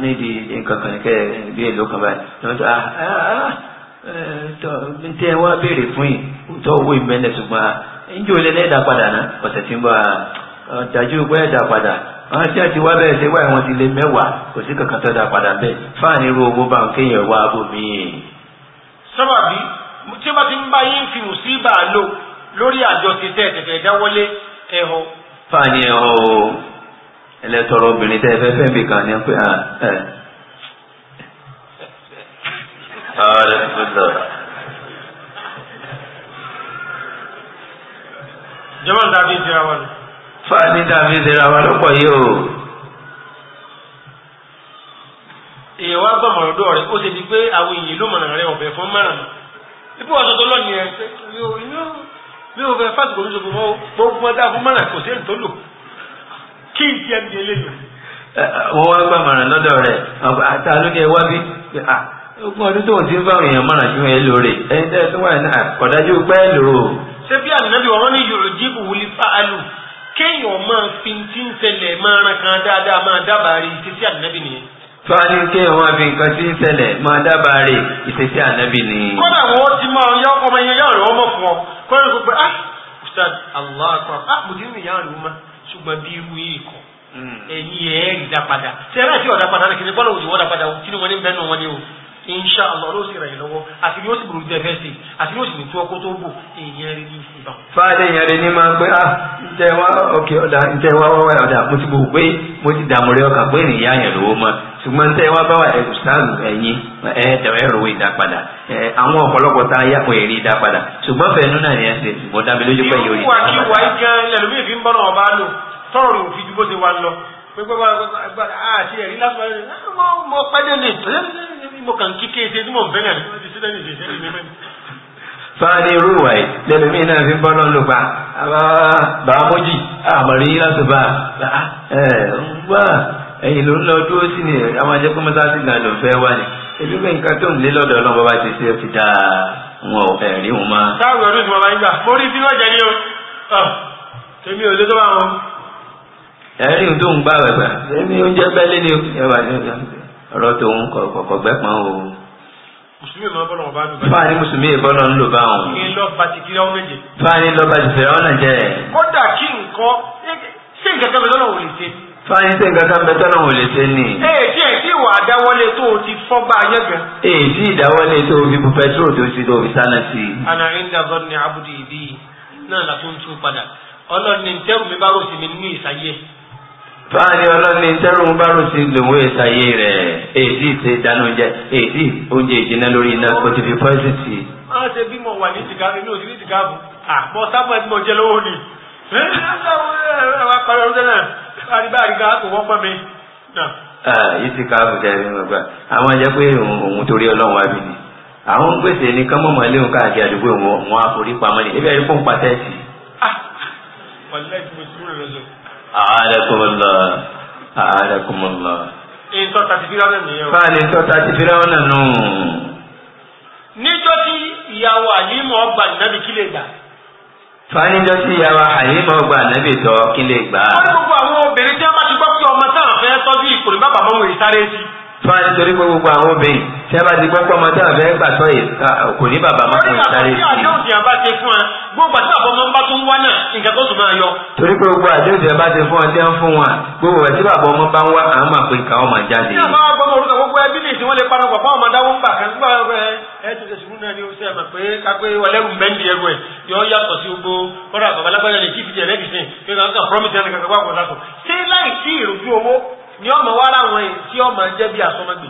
nídìí nǹkan a nìkẹ́ bí èlò kan báyìí lọ́wọ́ tó ah, ah, ah, eh, tọ́ ní tẹ́ wá béèrè fún yìí tọ́ owó ìmẹ́lẹ̀ ṣùgbọ́n níjẹ́ olè lẹ́ẹ̀dá padà náà ọ̀sẹ̀ tí ń bọ̀ dájú pé ẹ̀dá padà àwọn tí a ti wọn ti kò sí kankan sábàbí tí ẹlẹ́tọ̀rọ̀ obìnrin tẹ́ fẹ́ fẹ́ bì kan ní pé ah, ẹ̀. jọba ń dàbí ìdíra wa ni. fani dàbí ìdíra wa lọ́pọ̀ yìí o. èèyàn wá gbọ́mọ̀ lọ́dọ̀ rẹ̀ ó ṣe di pé àwọn èèyàn ló mọ̀nà rẹ̀ ọ̀bẹ fún mẹ́rin ipò ọ̀sọ̀tọ̀ lọ́nìí ẹ̀ mi ò fẹ́ fásitì kò ní sọ fún mọ́ gbogbo ọjà fún mẹ́rin kò sí èyí tó lò. kí n tiẹ̀ di eléyìí. wọ́n wá gbàmọ̀ràn lọ́dọ̀ rẹ̀ àti alóde wá bí ogún ọdún tó ń ti ń bá èèyàn mọ̀nà sí wọn lóore ẹni tẹ́ ẹ náà kọ̀dájú pẹ́ lò ṣé bí ànábì wọn ní yorùjí wuli fáálù kéèyàn máa fi ti ń sẹlẹ̀ máa kan dáadáa máa dábàá rè ìṣesí ànábì ni. wọn ṣùgbọ́n bí irú yìí kọ́ hmm. ẹ̀yin ẹ̀ rí dá padà sẹ́rẹ́ àti ọ̀dá padà kìí bọ́lá òjò wọ́dà padà kí ni wọ́n ní bẹ́ẹ̀ náà wọ́n ní o insha allah ló sì ràn yín lọ́wọ́ àti yóò sì burú jẹ́ fẹ́ sí àti yóò sì ní tú ọkọ́ tó bò èèyàn rí ní ìbá. fáadé èèyàn rí ní máa ń pé ah ǹjẹ́ wá ọkẹ́ ọ̀dà ǹjẹ́ wá wá ọ̀dà mo ti bò pé mo ti dààmú rẹ ọkà pé ènìyàn yẹn lówó mọ́ ṣùgbọ́n tẹ́ wá bá wà ẹ ṣáàlù ẹ̀yìn ẹ̀rọ ìdápadà àwọn ọ̀pọ̀lọpọ̀ tá a yá pé èrè ìdápadà ṣùgbọ́n fẹ̀ẹ́nú náà ni ẹ ṣe ṣùgbọ́n dábí lójú pé yóò rí ìdápadà. ìwà ìwà ìgan ẹlòmíì fi ń bọ́nà ọba lò tọ́rọ̀ rẹ̀ òfin ju bó ṣe lọ pé pé àti ẹ̀rí lásán ah, mo mo kàn kíkẹ́ ṣe tí mò ń bẹ́ẹ̀ fáàní irú ìwà yìí lẹ́lùmí náà fi ń bọ́ lọ́nà lópa bàbá mọ́jì àmọ̀rí lásùbà ah, ẹ̀ ń ẹ̀yìn ló ń lọ dúró sí ni a máa jẹ́ pé mọ́sáàsì gan ló ń fẹ́ wá ni èmi pé nǹkan tó ń lé lọ́dọ̀ ọlọ́run bàbá ti ṣe é fi dáa wọn ò ẹ̀rí wọn máa. táwọn ọdún tí mo máa ń gbà mo rí bí wọ́n jẹ o èmi ò lè tó bá wọn. ẹ̀rí tó ń gbà wẹ̀ gbà èmi oúnjẹ bẹ́ẹ̀ lé ní ọ̀rọ̀ tó ń kọ̀ọ̀kọ̀ gbẹ́pọ̀n o musulmi ma bọlọ ba dùn. fani musulmi bọlọ ń lò báwọn. kí n lọ patikiri aw méje. fani lọ patikiri kí fáyín sí nǹkan kan bẹ́tọ́ náà ò lè ṣe ní. ee tí ẹ tí ìwà àdáwọlé tó o ti fọ́ bá ayé gan. ee tí ìdáwọlé tó o fi bu pẹtrol tó ti tó o fi sáná sí i. àná ìdá abudu ìbí náà la tún tún padà ọlọ́ni tẹ́rù mi bá rò sí mi nínú ìsàyè. fáyín ọlọ́ni tẹ́rù mi bá rò sí lòun ìsàyè rẹ̀ èyí tí ìṣe dáná oúnjẹ èyí tí oúnjẹ ìjìnà lórí iná o ti fi pọ́ẹ́sì sí i. ṣe bí wà ní tìkáàbù ìsìkáàbù tẹ̀lé ń gbà àwọn jẹ́ pé òun torí ọlọ́run wá bí ni àwọn ń pèsè ní kánmọ̀mọ́ ilé òun káàkiri àdúgbò wọn wọn àforí pamọ́ ni ebe ẹ̀rí fún pàtẹ́ sí. ààrẹkùnmọ̀lá ààrẹkùnmọ̀lá. ìtọ́ta ti fira náà nìyẹn o. fáàlì ìtọ́ta ti fira náà nù. níjọ́ ìyàwó àlímọ̀ ọgbà nàbìkí lè gbà. fanijọ sí yàrá àyèmọ gba ànábì tọ kí lè gbà. wọ́n gbogbo àwọn obìnrin tí wọ́n bá ti gbọ́ pé ọmọ táwọn fẹ́ tọ́jú ìkòlù bàbá mọ́wé sáré sí. tó a ti torí pé gbogbo àwọn obìnrin tí a bá ti gbọ́ pé ọmọ tí a fẹ́ gbà tọ́ yìí kò ní bàbá máa kò ní sáré sí i. a bá ti fún ẹ gbogbo àti bàbá ọmọ bá tún wá náà nǹkan tó tún máa yọ. torí pé gbogbo àdéhùn tí a bá ti fún ọ tí wọ́n fún wa gbogbo àti bàbá ọmọ bá ń wá à ń máa pe nǹkan ọmọ jáde. ní àwọn agbọmọ orúkọ gbogbo ẹbí ní ìsìn wọn lè panupọ̀ fún ọmọ dáwọ́ ń kan nígbà ẹ ti tẹ̀sí fún ní oṣù ẹ̀mọ̀ pé kápẹ́ wọlẹ́rù mẹ́ndì ẹrù ẹ̀ yọ yàtọ̀ sí gbogbo kọ́dà babalágbádá ní kíkìtì ẹ̀rẹ́dìsìn kí wọ́n kàn promise ẹni kankan wà pọ̀ látọ̀ ṣé láì sí ìrújú owó ni ọmọ wa ra àwọn èyí tí ọmọ jẹ bí asọmọgbè.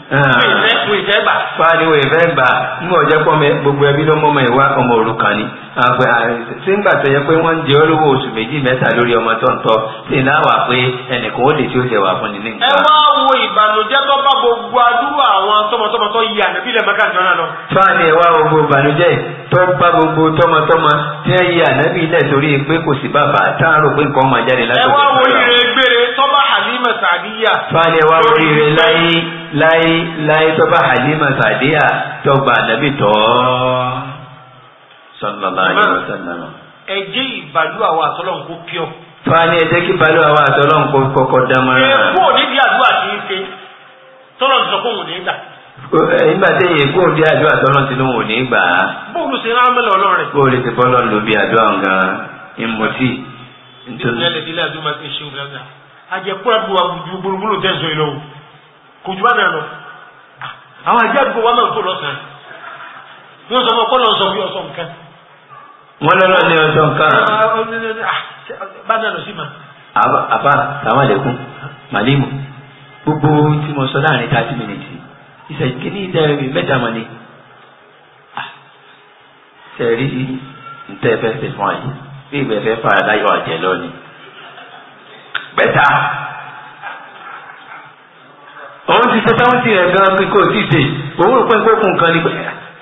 wo ah. ìfẹ́ gbà. fani wo ìfẹ́ gbà ń bọ̀ jẹ́ pọ́ gbogbo ẹbí ló mọ́ ọmọ ìwá ọmọ òrukàn ni. àgbẹ̀ sígbà tó yẹ pé wọ́n ń jẹ olówó oṣù méjì mẹ́ta lórí ọmọ tó ń tọ́ sí láwà pé ẹnìkan ó lè tí ó jẹ wà fún nílé. ẹ wá wo ìbànújẹ́ tó bá gbogbo àdúrà àwọn tọmọtọmọ tó ànábì lẹ Mẹ́kà náà lọ. fani ẹ wá gbogbo ìbànújẹ́ tó bá gbogbo tọmọtọmọ tí ẹ yí ànábì lẹ torí pé kò sí bàbá táàrò pé nǹkan máa jáde látọ̀. ẹ wá wo ìrè gbére bá halima sàdíyà. falẹ̀ wá oríire láyé láyé láyé tó bá halima sàdíyà tó gba ànábì tọ́ sallallahu alaihi wasallam. ẹ̀jẹ̀ ìbàlú àwọn àtọ́lọ́hún kó pure. fani ẹ̀jẹ̀ kí ìbàlú àwọn àtọ́lọ́hún kó kọ́kọ́ dámọ́ra. èkó níbi àdúrà tí ń ṣe tọ́lọ̀ ti sọ pé òun ní gbà nígbà tí èyí kó di àdúrà tọ́lọ́ tí lóun ní gbà bóòlù ṣe rán mẹ́lẹ̀ ọlọ́run bóòlù ti bọ́lọ̀ lóbi àdúrà gan ìmọ̀tì. ìjọba ìdílé àdúrà ti ṣe òun dáadáa àjẹkú àdúgbò àbùjú gbogbogbò tẹ́sọ ìlọ kò jù bá náà lọ àwọn àjẹ́ àdúgbò wa máa tó lọ́sàn án wọ́n sọ fún ọkọ́ lọ́sọ bí ọ̀sọ̀ nǹkan. wọ́n lọ́lọ́ ní ọjọ́ nǹkan. Ah, ah, ah, bá náà lọ sí ma. àbá sàmà lẹ́kún màlímù gbogbo tí mo sọ láàrin thirty minutes ìṣèkínní ìdẹ́rẹ́bì mẹ́ta mọ̀ ni tẹ̀rí ntẹ́ fẹ́ fẹ́ fún àyè bí pẹ̀ta òun ti ṣe sáwọ́ntì rẹ̀ gan pé kò tí ì ṣe òun rò pé kó kun kan ni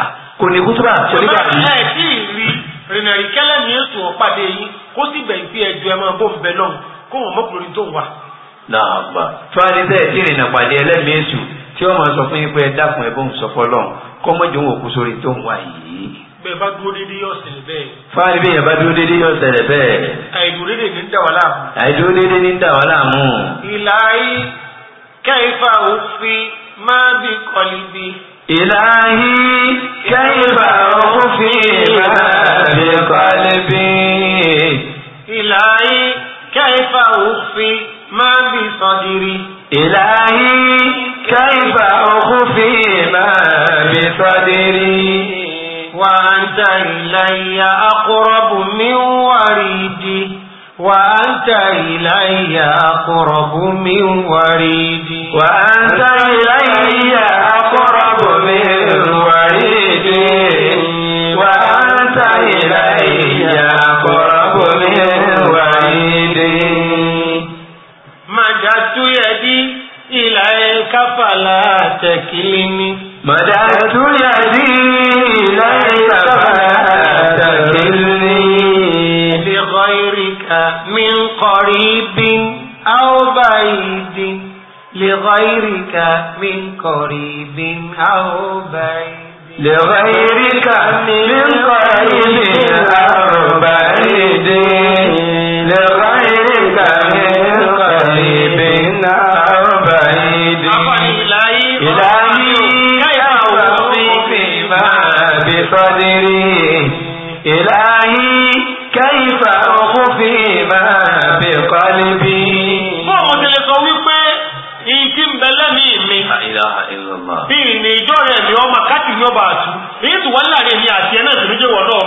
ah, kò ní kútúbà torí dàbí. ṣùgbọ́n ẹ tí ì rí rìnà ìkẹ́lẹ́ ní ètò ọ̀pàdé yìí kó sì bẹ̀ pé ẹjọ́ ẹ máa bó ń bẹ náà kó wọn mọ́kùnrin tó wà. náà gbà tó a lè bẹ́ẹ̀ tí ìrìnà pàdé ẹlẹ́mìí èṣù tí wọ́n máa sọ fún yín pé ẹ dákun ẹ bóun sọ fọlọ́run kọ́mọ́jọ́ òkú sórí tó ń wà yìí bẹ́ẹ̀ bá dúró déédéé yóò ṣẹlẹ̀ bẹ́ẹ̀. fáwọn ibi yẹn bá dúró déédéé yóò ṣẹlẹ̀ bẹ́ẹ̀. àìdúró déédéé ní ń dà wá láàmú. àìdúró déédéé ní ń dà ìlàyé kẹ́hìfà òfin máa bí kọ́lí ìlàyé kẹ́hìfà òfin máa bí kọ́lí ìlàyé kẹ́hìfà òfin máa bí sọ́dírí. ìlàyé kẹ́hìfà òfin máa bí sọ́dírí. وأنت إلي أقرب من وريدي وأنت إلي أقرب من وريدي وأنت إلي أقرب من وريدي وأنت إلي أقرب من وريدي مددت يدي إليك فلا تكلني مددت يدي لغيرك من قريب أو بعيد لغيرك من قريب أو بعيد لغيرك من قريب أو بعيد إلهي يوفي فيما بصدري إلهي كيف أخفي ما بقلبي ní ọba àtú èyí tó wà láàrin èmi àti ẹ náà sì méjì wọ̀ náà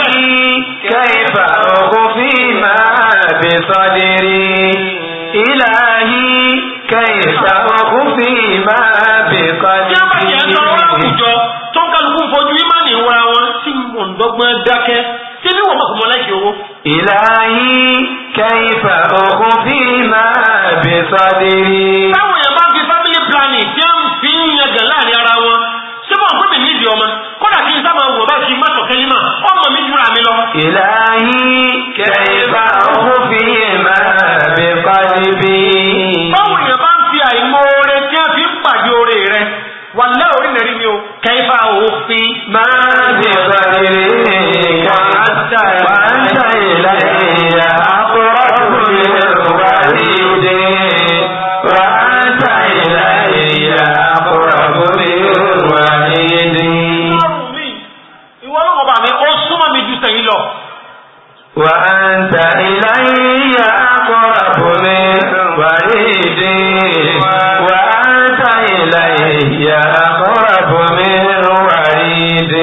mọ̀. kẹfà ọkùn fi máa bẹ sọdẹrẹ ìlàyí kẹfà ọkùn fi máa bẹ sọdẹrẹ. yàrá yẹn lọ wọn àwùjọ tó ń kálukú fojú ìmánì wura wọn tí mò ń dọ́gbọ́n dákẹ́ tí ní wọn bá kò mọ láìsí owó. ìlàyí kẹfà ọkùn fi máa bẹ sọdẹrẹ. وأنت إلي أقرب من وريد وأنت إلي أقرب من وريد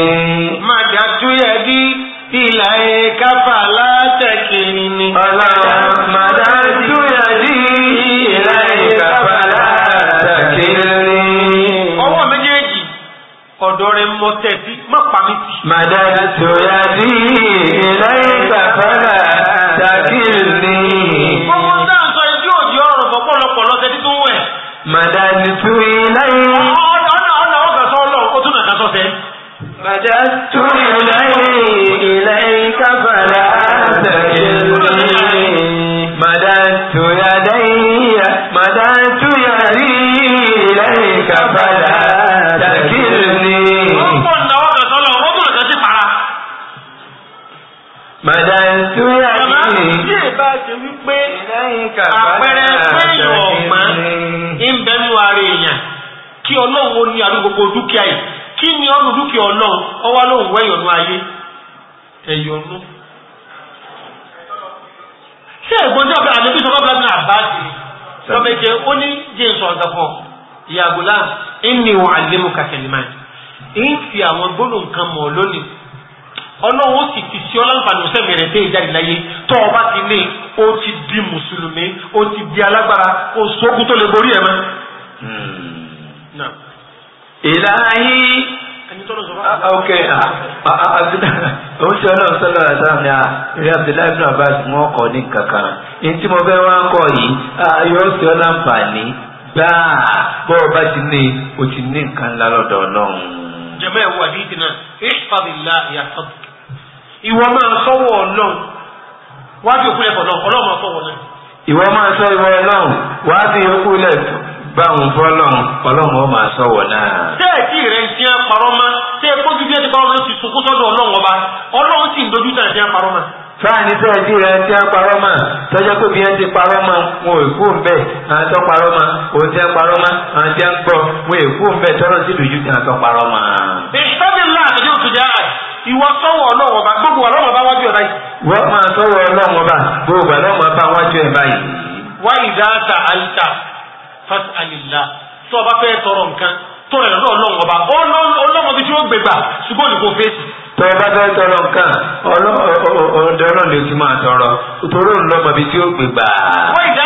مددت يدي إليك فلا تكلني مددت يدي إليك فلا تكلني ọwọ́ méjèèjì ọ̀dọ̀ rẹ̀ mọ́tẹ́sí má pa mí tì. màdàdà tó yá sí ilé. to a gbogbo dúkìá yìí kí ni ọ̀nà dúkìá ọlọ́run ọwá lóhùn wẹ́yọ̀nù ayé ẹ̀yọ̀nù ṣé ẹ̀gbọ́n tí ọ̀bẹ àdébí sọ bábá náà bá sí i lọ́bẹ̀ jẹ́ ó ní james ọ̀dọ́fọ̀ ìyàgò láà ẹni wọn àlémù kàkẹ́lìmá ń fi àwọn gbólóhùn kan mọ̀ lónìí ọlọ́run ó sì fi sí ọlọ́nfààní ọ̀sẹ̀ mẹ́rẹ̀ dé ìjáde láyé tó o ti lé o ti di mùsùlùmí o ti di alágbára o sókú tó lè borí ẹ̀ mọ́. Hmm ìlàhí ah, ah, ok oúnjẹ ah, ọlọ́run sọ́lọ́ àtàwọn ni àrí abdullahi ibn abbas wọn kọ ní kankan ní tí mo fẹ́ wá ń kọ yìí yóò ṣe ọ́ láǹfààní gbáà bọ́ọ̀ bá ti ní o ti ní nǹkan ńlá lọ́dọ̀ ọlọ́run. jẹ́mọ́ ẹ̀wọ̀ àdìsí náà ìfàbílà ìyàtọ̀ ìwọ máa sọ́wọ́ ọlọ́run wájú òkú ẹ̀kọ́ náà ọlọ́run máa sọ́wọ́ náà. ìwọ máa sọ ìwọ ọlọ́run wájú òkú lẹ̀ báwọn fọlọ́run ọlọ́run ó máa sọ̀wọ́ náà tí rẹ̀ ń tiẹ́ parọ́ ma tẹ́ bí ẹ ti parọ́ ti sunkún sọ́dọ̀ ọlọ́run ọba ọlọ́run sì ń dojú tẹ̀ tiẹ́ paroma. ma. fáàní tẹ́ ẹ ti rẹ̀ ń tiẹ́ parọ́ ma tọ́jọ́ pé bí ẹ ti parọ́ ma wọn ò kú ń bẹ̀ àtọ́ parọ́ ma òun tiẹ́ parọ́ ma àti ẹ̀ ń gbọ́ wọn ò kú ń bẹ̀ tọ́rọ̀ sí dojú tẹ̀ àtọ́ parọ́ ma. ìfẹ́bìlá àtẹ̀jọ́ òtújà ìwọ sọ́wọ́ ọlọ́run gbogbo ọlọ́run wájú ọ̀dá yìí. wọ́n máa sọ́wọ́ ọlọ́run gbogbo ọlọ́run wájú ẹ̀ báyìí. wáyé dáhà alita fasalila tó o bá fẹ́ tọrọ nǹkan tó rẹ̀ lọ́dọ̀ ọlọ́run ọba ọlọ́run bí tí ó gbégbà ṣùgbọ́n olùkó fèsì. tọ́ bá fẹ́ tọrọ nǹkan ọ̀dọ́rọ̀ lè ti máa tọrọ torí òun lọ́mọ bí tí ó gbégbà. wọ́n ìdá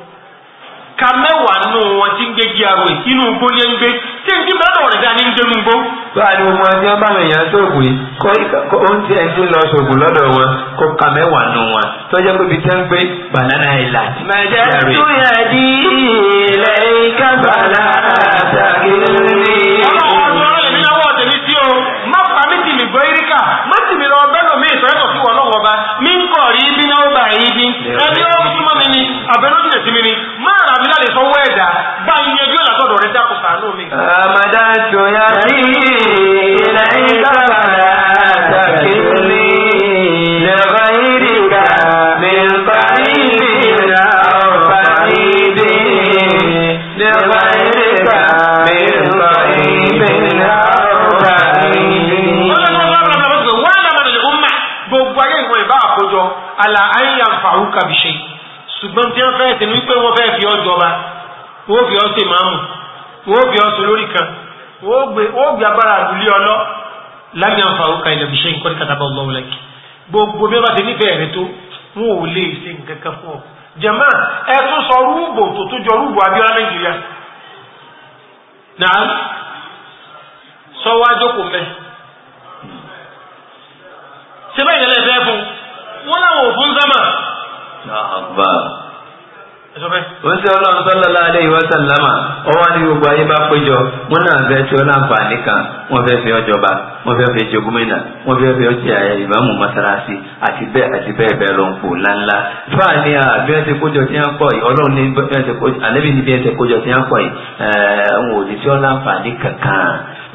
ka mẹ́wàá nù wọn tí ń gbé jí arò inú igbó lé ń gbé tí n ti bá lọ rẹ̀ ní gbé nù igbó. bá ọmọ ẹni ọba àwọn èèyàn sóògùn yìí kó ohun tí ẹ ti lọ sóògùn lọ́dọ̀ wọn kó ka mẹ́wàá nù wọn tọ́jà pé ibi tí wọ́n gbé banana island. mẹ̀jẹ̀ tó yẹ di ilẹ̀ ìka بدت يدي إليك ولا تكلني لغيرك من قريب أو بعيد لغيرك من قريب أو بعيد gbogbo ayé ìwọ̀n ìbá àkójọ àlà ayé àǹfààrú kàbíṣe ṣùgbọ́n tí wọ́n fẹ́ tẹ̀lé wípé wọ́n fẹ́ fi ọjọba wọ́n fi ọ́ sí máàmù wọ́n fi ọ́ sọ lórí kan wọ́n gbé agbára àdúlé ọlọ́ lámì àǹfààní kan ìlẹ̀ bìṣẹ́ nǹkan kàtàbà ọlọ́run lẹ́kì gbogbo bí wọ́n ti nífẹ̀ẹ́ rẹ tó wọn ò lè ṣe nǹkan kan fún ọ jẹ̀mọ́ ẹ tún sọ rúùbò tó tó jọ rúùbò Abíọ́lá Nàìjíríà náà sọ wá jókòó mẹ́ ṣe bẹ́ẹ̀ yẹn lẹ́ẹ̀fẹ́ fún wọn láwọn òfin sámà oṣù ọlọ́run sallallahu alaihi wa sallama ọwọ́ ní gbogbo ayé bá péjọ wọn náà fẹ́ tí ó láǹfààní kan wọn fẹ́ fi ọjọba wọn fẹ́ fi jogúnmẹ́nà wọn fẹ́ fi ọjẹ ìmáàmù mọ́sálásí àti bẹ́ẹ̀ àti bẹ́ẹ̀ bẹ́ẹ̀ lọ ń pò ńláńlá. fáà ní àbí ẹsẹ̀ kójọ tí wọ́n pọ̀ yìí ọlọ́run ní ẹsẹ̀ kójọ àlẹ́bí ní bí ẹsẹ̀ kójọ tí wọ́n pọ̀ yìí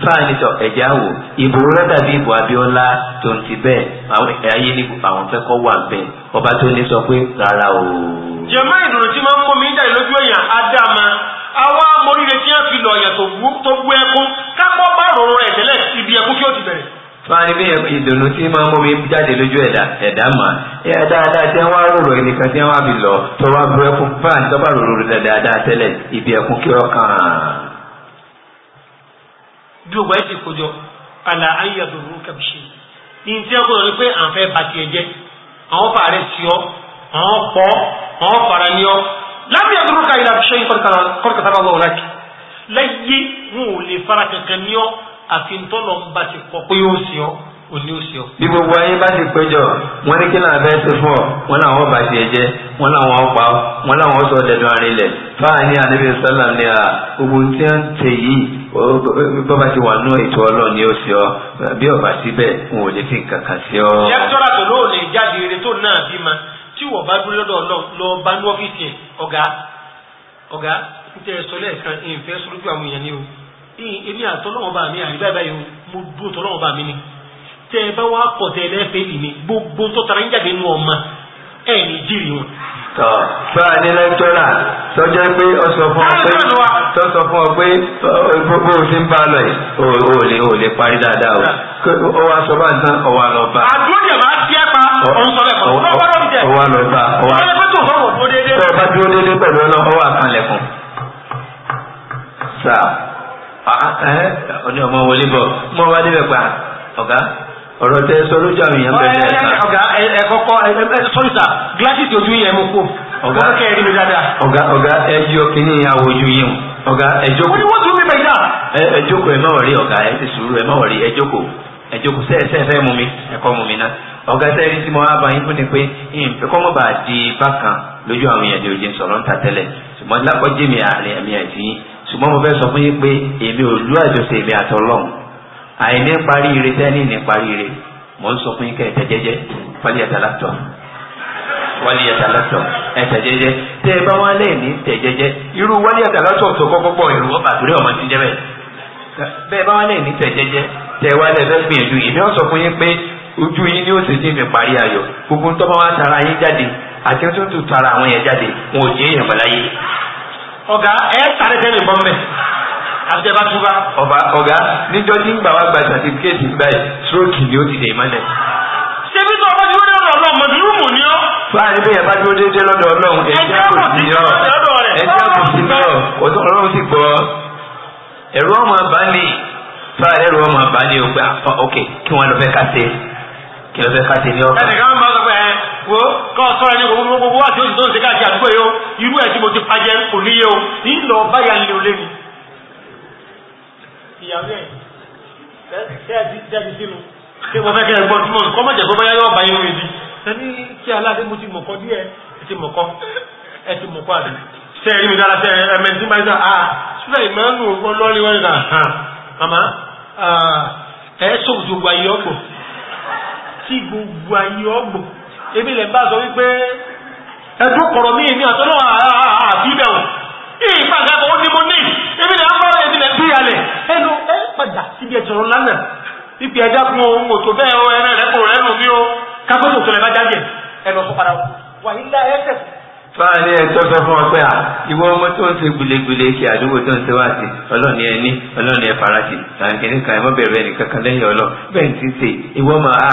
fáànitọ ẹ̀jẹ̀ àwò ìbò rọ́dà bíi ìbò Abíọ́lá tó ń ti bẹ́ẹ̀ àwọn ayé ní àwọn fẹ́ kọ́ wà bẹ́ẹ̀ ọba tó ní sọ pé rárá o. jẹ̀mọ́ ìdùnnú tí máa ń mọ́mí dà lójú èèyàn ádámà àwa amóríire tí wọ́n fi lọ ọ̀yà tó gbé ẹkún kápọ́ bá rọrùn rẹ̀ tẹ́lẹ̀ ibi ẹkún kí ó ti bẹ̀rẹ̀ fáwọn ibi ìdùnnú tí máa ń mú mi jáde lójú ẹ̀dá ẹ̀dá mà ẹ̀ dáadáa tí wọ́n á rò rò nìkan tí wọ́n fi lọ tó wá bu ẹkún fáwọn tó bá rò rò dáadáa tẹ́lẹ̀ ibi ẹkún kí ọkàn bí ògbà ètò ìkójọ àlà ayé àbẹ̀wò kàbíṣe ní tí wọ́n kọ́ ni pé à ń fẹ́ ba tiẹ̀ jẹ́ àwọn fà rẹ̀ sí ọ àwọn pọ̀ àwọn fara ní ọ lábí àbẹ̀wò kà ìlà àbíṣe yìí kọ́rìkàtà bá wọ̀ láti láyé wọn ò lè fara kankan ní ọ àfi ntọ́lọ̀ ń bá ti pọ̀ pé ó sì ọ ò ní ó sì ọ. bí gbogbo ayé bá ti péjọ wọn ní kí náà fẹ́ ṣe fún ọ wọn làwọn bá tiẹ̀ jẹ́ wọn làwọn ọpa wọn làwọn sọ dẹ̀dọ̀ àrinlẹ̀ fáà ní ànábì ní à gbogbo tí wọ́n ń tẹ̀ yìí tó bá ti wà nú ètò ọlọ́run ni ó ṣe ọ bí ọba síbẹ̀ n ò lè fi nǹkan kan ṣe ọ. yẹ́tọ́ra tó lóò lè jáde eré tó náà bímọ tí wọ́n bá dúró lọ́dọ̀ lọ bá ní ọ́fíìsì ẹ̀ ọ̀gá ọ̀gá n tẹ sọ lẹ́ẹ̀kan ìfẹ́ sọ́dọ́jú àwọn èèyàn ni o èmi àtọ́lọ́wọ́n bá mi àríbá ìbáyìí o mo dúró tọ́lọ́wọ́n bá mi ni tẹ ẹ bá wá pọ̀ tẹ ẹ lẹ́fẹ̀ẹ́ tọ́jọ́ pé ọ sọ fún ọ pé tọ́ sọ fún ọ pé bó o ṣe ń bá lọ yìí o lè o lè parí dáadáa o ó wá sọ bá ń tán ọwọ́ àlọ́ bá. àdúrà máa ń tiẹ́ pa òun sọ bẹ́ẹ̀ kọ́ ọwọ́ ló ń jẹ. ọwọ́ àlọ́ bá ọwọ́ àlọ́ bá tó fọwọ́ dúró déédéé. tọ́ ọ bá dúró déédéé pẹ̀lú ọlọ́wọ́ àkànlẹ̀kùn. sà ọ̀ní ọmọ wọlé bọ̀ mo wá débẹ̀ pa ọ̀gá ọ̀rọ̀ tẹ sọ lójú àwọn èèyàn bẹ̀rẹ̀ ọga ọga ẹ̀rí mi dáadáa. ẹjọ́ kìíní àwòjú yín ẹjọ́ kò. wọ́n wọ́n bẹ̀ ẹjọ́ kò ẹ má wọ̀rí ọ̀gá ẹ ti sùúrù ẹ má wọ̀rí ẹjọ́ kò ẹjọ́ kò ni pé mọ̀ bá a di bákan lójú àwọn èèyàn ní òye sọ̀rọ̀ ń ta tẹ́lẹ̀ ṣùgbọ́n lápọ̀jẹ́ mi àárín ẹ̀mí àti yín ṣùgbọ́n mo fẹ́ sọ fún yín pé èmi ò lú àjọṣe èmi àìní parí ire ire ń sọ fún yín kẹ́ wálé ẹ̀dá lọ́tọ̀ ẹ̀tẹ̀ jẹ́jẹ́ tẹ́ ẹ bá wá lẹ́yìn ní tẹ̀ jẹ́jẹ́ irú wálé ẹ̀dá lọ́tọ̀ tó kọ́kọ́ bọ̀ ẹ̀rù ọba torí ọmọ ti jẹ́ bẹ́ẹ̀ bẹ́ẹ̀ bá wá lẹ́yìn ní tẹ̀ jẹ́jẹ́ tẹ́ wá lẹ́ fẹ́ gbìyànjú èmi ọ̀ sọ fún yín pé ojú yín ni ó sì ti fi parí ayọ̀ gbogbo tó bá wá tara yín jáde àti tó tún tara àwọn yẹn jáde wọn ò jẹ́ èèyàn bàláyé. ọ̀gá ẹ sáré tẹ́lẹ̀ bọ́ mẹ́ àfijẹba túbá. ọba ọ̀gá níjọ́ tí ń gbà wá gba sàtífíkẹ́tì báyìí stroke ni ó ti dè mọ́lẹ̀. ṣé bí tó ọba ti wọ́n dẹ́rọ̀ ọlọ́mọdúnrún mò ní ọ́ láàrin bí yẹn bá dúró déédéé lọ́dọ̀ ọlọ́run ẹ̀jẹ̀ kò sí yọ ẹ̀jẹ̀ kò sí yọ òtún ọlọ́run sì gbọ́ ẹ̀rú ọmọ àbálẹ̀ fáwọn ẹ̀rú ọmọ àbálẹ̀ ògbà ok kí wọ́n lọ fẹ́ ká ṣe kí lọ fẹ́ ká ṣe ní ọkọ̀. ẹnìkan máa sọ pé wo kọ́ sọ́ra ní gbogbo gbogbo wá tí ó sì tó ń ṣe káàkiri àdúgbò yìí o irú ẹ̀ tí mo ti pajẹ kò níye o ńlọ báyà ń lè olé mi. ìyàwó ẹ̀ tẹ́ẹ̀tì sínú ṣé mo fẹ́ kẹ́ ẹ gbọ́ tí mo mọ̀jẹ̀ tó bá yá bá yín lóye ẹni kí aláàdé mo ti mọ̀kọ́ díẹ̀ ẹ ti mọ̀kọ́ ẹ ti mọ̀kọ́ àdé ṣe ẹ̀rí mi dára ṣe ẹ̀mẹ̀ntì máa ń sọ à ṣúlẹ̀ ìmọ̀ọ́nù ọlọ́rin wọn nà hàn màmá ẹ̀ ṣòwò tó gba iye ọgbọ̀n tí gbogbo ayé ọgbọ̀n ebi lẹ̀ bá sọ wípé ẹdún kọ̀rọ̀ mí ní àtọ́nà àti ìbẹ̀wò ìgbà àgbà ó ní mo ní ebi lẹ̀ ń bọ́ ebi lẹ̀ bí alẹ̀ ẹnu ẹ padà síbi ẹ̀jọ̀rọ̀ lánàá ipi ẹ̀dá fún ohun òtò bẹ́ẹ̀ ọ ẹ̀rẹ́ rẹ̀ kò rẹ́nu bí ó kápẹ́tò tó lè má jáde ẹ lọ fún padà wà nílá ẹsẹ̀. fáàlì ẹ tọ́jọ́ fún ọ pé à ìwọ ọmọ tó ń ṣe gbilegbile ṣe àdúgbò tó ń ṣe wá sí ọlọ́ọ̀ni ẹ ọlọ́ọ̀ni ẹ farasi tàǹkìní kan ẹ mọ́ bẹ̀rẹ̀ nìkan kan lẹ́yìn ọlọ́ bẹ́ẹ̀ ti ṣe ìwọ ọmọ à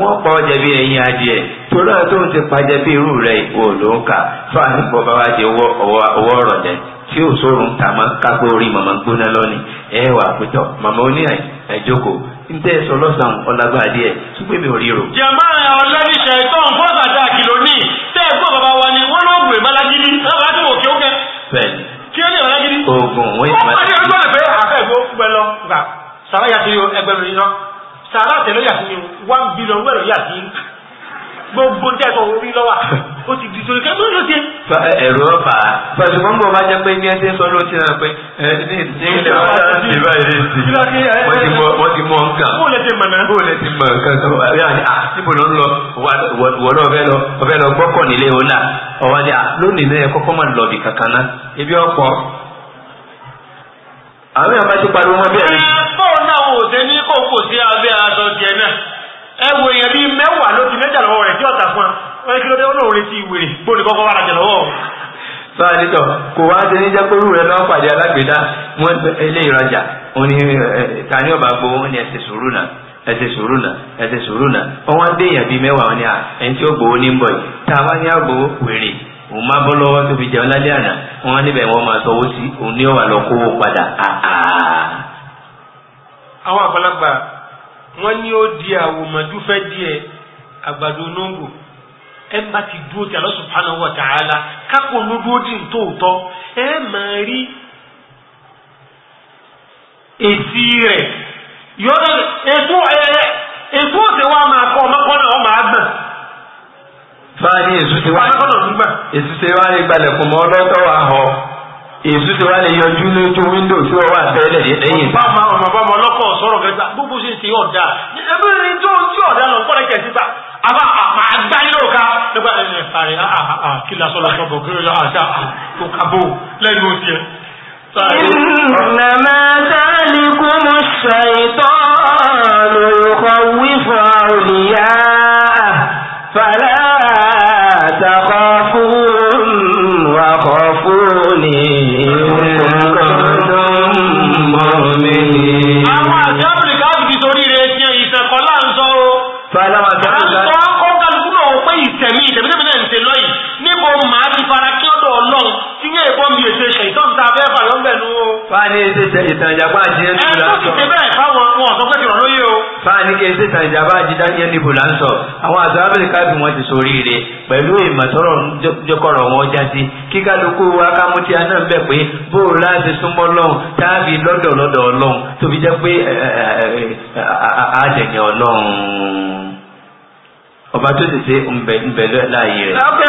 wọ́n pa ọjà bí ẹyin adìẹ torí àwọn tó ń ṣe pàjẹ́ bí irú rẹ̀ ìwọ ló ń kà fáàlì bọ́ bá wá di ọwọ́ ọ̀rọ̀ jẹ tí ò sórun tà kápẹ́ orí màmá gbóná lọ́ni ẹ wà pẹ́tọ̀ màmá oníyàn ẹ ntẹ sọ lọsàn ọlágbá díẹ̀ súpé mi ò ríro. jẹ̀mọ́ ọ̀lẹ́bí ṣẹ̀tọ́ fọ́sàtà kìlọ̀ ní tẹ́ ẹ̀gbọ́n bàbá wa ni wọ́n lóògùn ìbálágídí lọ́ba tí mo kí ó kẹ́. bẹ́ẹ̀ni kí ó ní oògùn wọ́n yìí máa. wọ́n pàdé ọjọ́ rẹ̀ pé àfẹ́ ìgbó gbẹ lọ gbà sàrà yàtí ẹgbẹ́ mi ná gbogbo ní ẹ̀sọ́ orí lọ́wà o ti di sórí kẹ́kọ̀ọ́ ló ṣe. ẹ̀rọ ọ̀fà pàṣípọ̀ ń bọ̀ bá jẹ́ pé ní ẹsẹ̀ sọ ló ti rán pé ní ìdílé wọn ti bá i ti mọ nǹkan bó lè ti mọ̀ náà. bó lè ti mọ̀ nǹkan tó wà ní àtìbò ló ń lọ wọ́n ọ̀fẹ́ lọ ọ̀fẹ́ lọ gbọ́kọ̀ nílé ebi ọ̀pọ̀ àwọn èèyàn bá ti pariwo bẹ́ẹ̀ ẹwọ èèyàn bíi mẹ́wàá ló ti mẹ́jà lọ́wọ́ rẹ̀ tí ọ̀tà fún wa wọ́n kí ló dé ọ̀nà ti ìwèrè gbóni kọ́kọ́ wà lájà lọ́wọ́ sọ́ọ̀dítọ̀ kò wá ti ní jẹ́ pé rúurẹ́ pàdé alágbèdá wọ́n ilé ìrajà òní tani ọba gbowó ní ẹsẹ̀ sùúrù náà ẹsẹ̀ sùúrù náà ẹsẹ̀ sùúrù náà wọ́n wá dé èèyàn bíi mẹ́wàá a bá ní àgbowó wèrè òun nwanne ya o di àwòmọ̀dú fẹ́ díẹ̀ àgbàdo nóńgò ẹ bá ti dúró ti Allah subhanahu wa ta'ala kápò ló dúró dì ẹ máa rí èsì rẹ̀ yọ̀ọ́ èso òsè wa máa kọ́ ọmọ àgbà fáà ní èso ti wá ní èso ti ahọ. èsù ti wá lè yọjú lójú wíńdò tí wọ́n wà tẹ́lẹ̀ lẹ́yìn. bá a máa ọ̀nà bá a lọ́kọ̀ sọ̀rọ̀ kẹta gbogbo ṣe ti ọ̀dà ẹbí ni tó ń tí ọ̀dà lọ kọ́ lẹ́kẹ̀ẹ́ síta àbá àmà agbáyọ̀ ká nígbà ẹ̀ ẹ̀ fàrẹ̀ àhà kí lasọ lasọ bọ̀ kí lọ́ọ́ àṣà tó kábò lẹ́nu oṣù yẹn. إنما ذلكم الشيطان يخوف ní èsè ìtàn ìjàpá àjíyàn níbo là ń sọ. ẹ tó ti bẹ́ẹ̀ fáwọn ọmọ ọ̀sán pé tìrọ̀ lóye o. sáà ní kí èsè ìtàn ìjàpá àjíyàn níbo là ń sọ. àwọn àti abẹ́rẹ́ káàbì wọn ti ṣoríire pẹ̀lú ìmọ̀sọ́rọ̀ jọkọ̀rọ̀ wọn já sí. kíkálukú wa kámútí aná ń bẹ̀ pé bó o láti súnmọ́ lọ́hùn táàbì lọ́dọ̀ lọ́dọ̀ ọlọ́hun tó fi jẹ́ pé àjẹ̀yìn ọlọ́hun ọba tó ti ṣe ń bẹ̀ láàyè rẹ̀. ọ̀pẹ̀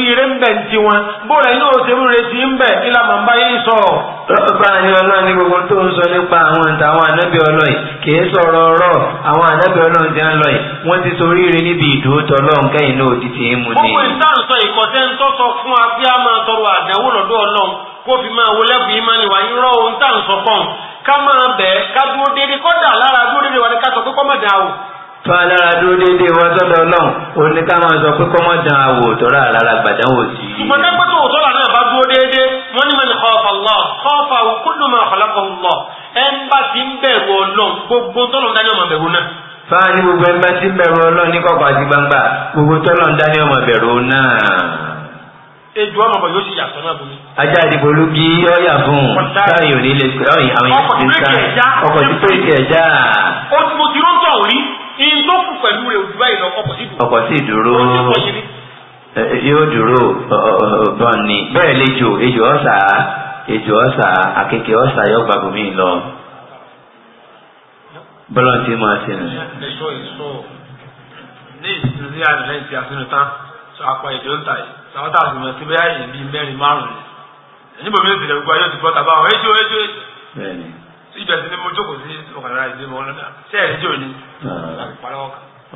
oríire ń bẹ̀ ń ti wọn bóra inú òṣèlú rẹ̀ ti ń bẹ̀ kí la màá bá yín sọ. lọ́ọ̀bá ni ọlọ́run ní gbogbo tó ń sọ nípa àwọn ìta àwọn ànábì ọlọ́yìn kì í sọ̀rọ̀ ọ̀rọ̀ àwọn ànábì ọlọ́run ti ń lọ yìí wọ́n ti sọ oríire níbi ìdòótọ́ ọlọ́run kẹ́yìn náà ti ti ń mu ní. gbogbo ìtànsọ ìkọ̀sẹ́ ń tọ́sọ fún wa bí a máa tọrọ àdánwò lọ́dọ̀ ọlọ́run kó fi máa wọlé tó alára dúró déédé wọn sọ́dọ̀ Ọlọ́run òní ká máa sọ pé kọ́ mọ́ dán àwò tó rà rárá gbàdán wò sí. ṣùgbọ́n dápẹ́ tó òótọ́ làná bá dúró déédé wọ́n ní mẹ́lẹ̀ kọ́ọ̀fà lọ kọ́ọ̀fà kúndùn máa kọ́lákọ̀ lọ ẹ̀ ń bá ti ń bẹ̀rù Ọlọ́run gbogbo tọ́lọ̀ dání ọmọ bẹ̀rù náà fáàní gbogbo ẹ̀ máa ti bẹ̀rù Ọlọ́run ní kọ̀kọ̀ àti gbangba gbogbo tọ́lọ̀ ń dání ọmọ bẹ̀rù náà. ejò ọmọ yóò ṣe yàtọ̀ náà bomi. ajá àdìbò olúgi ọ̀yà fún un táyọ̀ nílé ọ̀yìn àwọn yẹn ti ń ta ọkọ̀ tí pé ìkẹ̀ o ti mo ti rántọ̀ rí ìtòkù pẹ̀lú rẹ̀ òdúrà ìlọ ọkọ̀ sí dúró. ọkọ̀ sí dúró yóò dúró bọ́n ni bẹ́ẹ̀ lejò ejò ọ̀sà ejò ọ̀sà àkekè ọ̀sà yóò gbàgbó mi lọ bọ́lá tí mo ṣe nù. ní ìsinmi àná lẹ́yìn tí a tán sọ apá ìjọ ń tà yìí sàwọ́tà àti ìmọ̀ sí bẹ́ẹ̀ yìí bíi mẹ́rin márùn-ún níbo mi ò sì lè ti gbọ́ tàbá àwọn ejò ejò ejò ibẹ̀ sí ni mo jókòó sí ọ̀kadà ìdí mi ọlọ́dà sẹ́ẹ̀rì jò ní.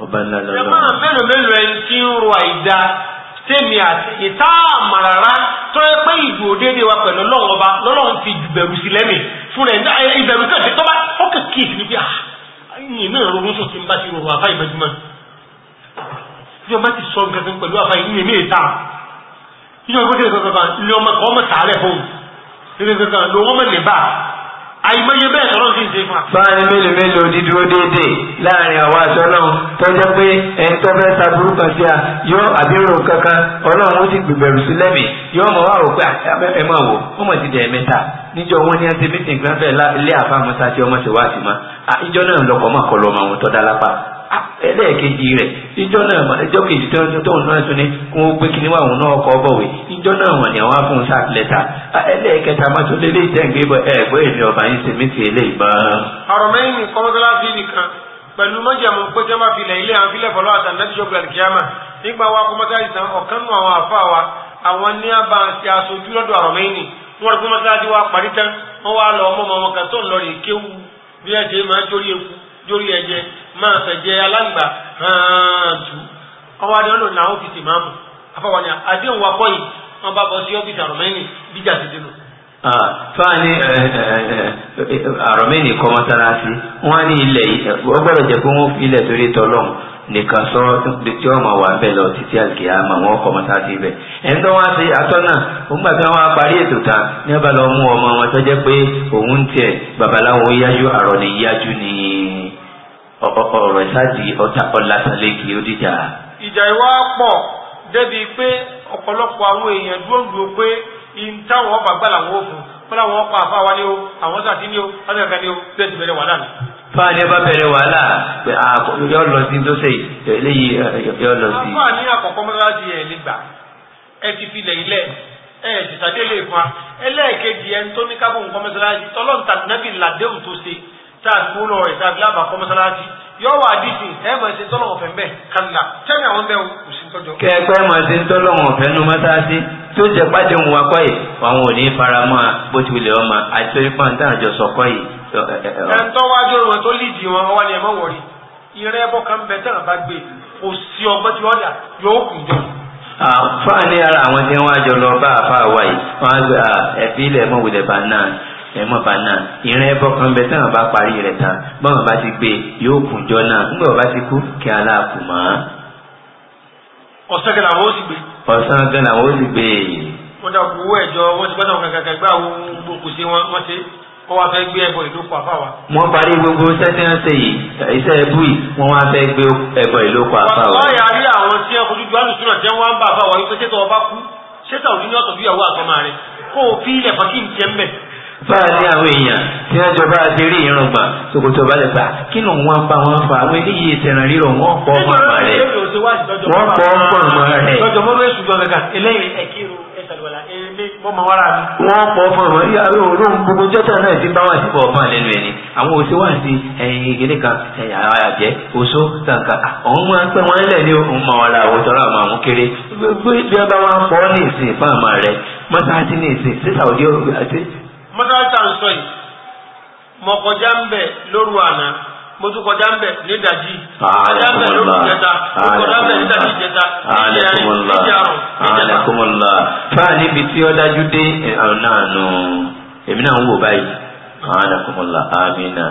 ọba ńlá lọ́wọ́. ẹ máa mélòó mélòó ẹni tí ń ro àìda tèmi àti ìta àmàràrá tó yẹ pé ìdù òdédé wa pẹ̀lú ọlọ́run ọba lọ́lọ́run fi ìbẹ̀rù sí lẹ́mì fún ẹ̀ ìbẹ̀rù kẹ̀kẹ́ tọ́ba ó kẹ̀ kí èsì níbi àyìn náà ronú sọ ti ń bá ti rọrùn àbá ìmọ̀júmọ́ bí ọba ti sọ nǹkan kan pẹ̀lú àbá ìyìn ní ìta ìjọba ìgbésẹ̀ ọmọ kan ọmọ tààrẹ fún un ilé kankan lòun ọmọ lè àìmọye bẹ́ẹ̀ sọ̀rọ̀ sí ṣe fún wa. báyìí mélòó mélòó dídúró déédéé láàrin àwa àti ọlọ́run tó jẹ́ pé ẹni tó fẹ́ ta burúkú sí a yóò àbírò kankan ọlọ́run ó sì gbìbẹ̀rù sí lẹ́mìí yóò mọ̀ wá rò pé ah, ẹ máa wò ó mọ̀ ti dẹ̀ mẹ́ta níjọ wọn ní ẹsẹ mítìn gbọ́n fẹ́ ilé àfáàmù sáà tí ọmọ ṣe wá sí ma ah, ìjọ náà lọkọ̀ mọ̀ kọ́ lọ́mọ àwọn tọ́da lápá ẹlẹ́ẹ̀kejì rẹ̀ ìjọ náà ìjọ kejì tó ń tó ń náà tún ní kó o pé kíní wàhùn náà kọ́ bọ̀wé ìjọ náà wọ̀n ni àwọn afún sáà lẹ́ta ẹlẹ́ẹ̀kẹta máa tún lélẹ́ ìtẹ̀gbé bọ̀ ẹ̀gbọ́ èmi ọba yín ṣe mí ti eléyìí bá. ọ̀rọ̀ mẹ́yìn nìkan mọ́sálásí nìkan pẹ̀lú mọ́jàmú pé jẹ́ máa filẹ̀ ilé àwọn filẹ̀ fọlọ́ àtàndẹ́tíṣọ́ wa kọ́ mọ́sálásí sàn ọ̀kan ni wọ́n rẹ̀ pé mọ́sálásí wa parí tán wọ́n wá lọ ọmọ ọmọ kan tó ń bí ẹ̀jẹ̀ máa fẹ̀jẹ̀ alágbà hàn jù ọwọ́ adé ọlọ́run làwọn fi sì máa mú afọwọ́ ni àdéhùn wa kọ́ yìí wọ́n bá bọ́ sí ọ́fíìsì àrọ̀mẹ́nì bíjà ti dínú. fáàní àrọ̀mẹ́nì kọ́ mọ́sálásí wọ́n á ní ilẹ̀ yìí wọ́n gbọ́dọ̀ jẹ́ pé wọ́n fi ilẹ̀ torí tọ́lọ́run nìkan sọ tí ọmọ wà bẹ́ẹ̀ lọ títí àlùkè àmọ́ wọn kọ́ mọ́tà sí ibẹ̀. ẹni tó wá sí atọ́nà ògbà tí wọ́n á parí ètò ta ní ọba lọ mú ọmọ wọn tó jẹ́ pé òun tiẹ̀ babaláwo yájú àrọ̀ ní yájú ni ọ̀rọ̀ ìsáàdì ọ̀làsàlẹ̀kì ó dìjà. ìjà ìwà pọ̀ débi pé ọ̀pọ̀lọpọ̀ àwọn èèyàn dúró dúró pé ìtawọ̀ bàbá làwọn òfin fún àwọn ọkọ̀ àfa wa ní o àwọn sàtí ní o lọ́sẹ̀kẹ́ ní o bẹ́ẹ̀ ti bẹ̀rẹ̀ wàhálà mi. fáàlì ẹ bá bẹ̀rẹ̀ wàhálà pé yọ lọ sí tó ṣe eléyìí yọ lọ sí. àfa ní àkọ́kọ́ mọ́sálásí ẹ̀ lè gbà ẹ ti fi lẹ̀ ilẹ̀ ẹ ṣèṣàdé lè fa ẹlẹ́ẹ̀kejì ẹni tó ní kábọ̀ nǹkan mọ́sálásí tọ́lọ́ǹtà nábì làdéhùn tó ṣe tá a kú lọ ìta gíláàbà kọ́ mọ́sálásí yóò wà dísìn ẹ̀mọ̀ ẹ̀sìn tọ́lọ̀wọ̀n fẹ́ mbẹ́ kálá tẹ́lẹ̀ àwọn bẹ́ẹ̀ kò sí tọ́jọ́. kẹ́ẹ̀pẹ́ mọ̀ sí tọ́lọ̀wọ̀n fẹ́ nu mọ́sálásí tó jẹ́ pàdé òun wakọ́ yìí àwọn ò ní fara mọ́ bó ti wulẹ̀ ọmọ àti torí pàǹtà àjọ sọ̀kọ́ yìí. ẹ̀ńtọ́ wájú wọn tó lídìí wọn wá ní ẹ̀mọ́ wọ̀rí ìrẹ́ ẹbọ kan bẹ tẹ́ràn bá gbé kò sí ọgbọ́n tí wọ́n dà yóò kù jọ. àfáà ara àwọn tí wọ́n á jọ lọ bá àfáà wáyé wọ́n á gbé ẹ̀fí ilẹ̀ mọ̀wulẹ̀ bá náà ẹ̀mọ́ bá náà ìrìn ẹbọ kan bẹ tẹ́wọ̀n bá parí rẹ̀ tán bọ́wọ̀n bá ti gbé yóò kún jọ náà nígbà wọ́n bá ti kú kí aláàkú mọ́. ọ̀sán gẹ́nà àwọn ó sì gbé. ọ̀sán gẹ́nà àwọn ó sì gbé. wọ́n dà kú owó ẹ̀jọ́ wọ́n ti gbọ́dọ̀ kankan gbá àwọn gbòkú sí wọn wọ́n ti wọ́n wá fẹ́ gbé ẹbọ ìlókù àfàwà. wọ́n parí gbogbo sẹ́tẹ́ ń ṣe yìí iṣẹ́ ẹbú yìí wọ́n wá fẹ́ gbé ẹbọ ìlókù àfàwà. wọ́n yà á rí àwọn tí wọ́n fojú ju àlùsùn náà tí wọ́n ń bá àfàwà wípé ṣé tọ́ ọba kú ṣé tàwọn oníyàtọ̀ bí ìyàwó àtọ́mọ rẹ̀ kó o fi ilẹ̀ fọ́kì ń tiẹ̀ mẹ́ bá a ní àwọn èèyàn tí wọ́n jọ bá a ṣe rí irun gbà ṣòkòtò bá lè gbà kí ló ń wá pa wọn fa àwọn eléyìí ìṣẹ̀ràn rírọ̀ wọ́n pọ̀ ọmọ rẹ̀ wọ́n pọ̀ ọmọ rẹ̀. lọ́jọ́ mọ́ bẹ́ẹ̀ ṣùgbọ́n kankan eléyìí ẹ̀kírun ẹ̀ṣàlùwàlà ẹ̀mí mọ́mọ wàrà mi. wọ́n pọ̀ ọmọ rẹ̀ yà á rò ń gbogbo jọ́tà náà ti bá wà sí ọ̀pọ̀ lẹ́nu ẹni àwọn òṣè wà sí ẹ̀yìn ìgbélé kan ẹ̀yà àjẹ́ oṣó kankan àwọn máa ń pẹ́ wọ́n lẹ̀ ní òun mọ̀ ọ̀la àwòtọ́ àwọn àwọn kéré gbogbo ìgbé ọba wọn pọ̀ ní ìsìn fún àmọ́ rẹ̀ mọ́tà ti ní ìsìn sí Saudi mọ́sálásí à ń sọ yìí mo kọjá ń bẹ̀ lóru àná mo tún kọjá ń bẹ̀ nídàjí kọjá ń bẹ̀ lóru ìjẹta kọjá ń bẹ̀ nídàjí ìjẹta ìjẹta fáàlì ibi tí ó dájú dé náà nù èmi náà ń wò báyìí anakumola amina.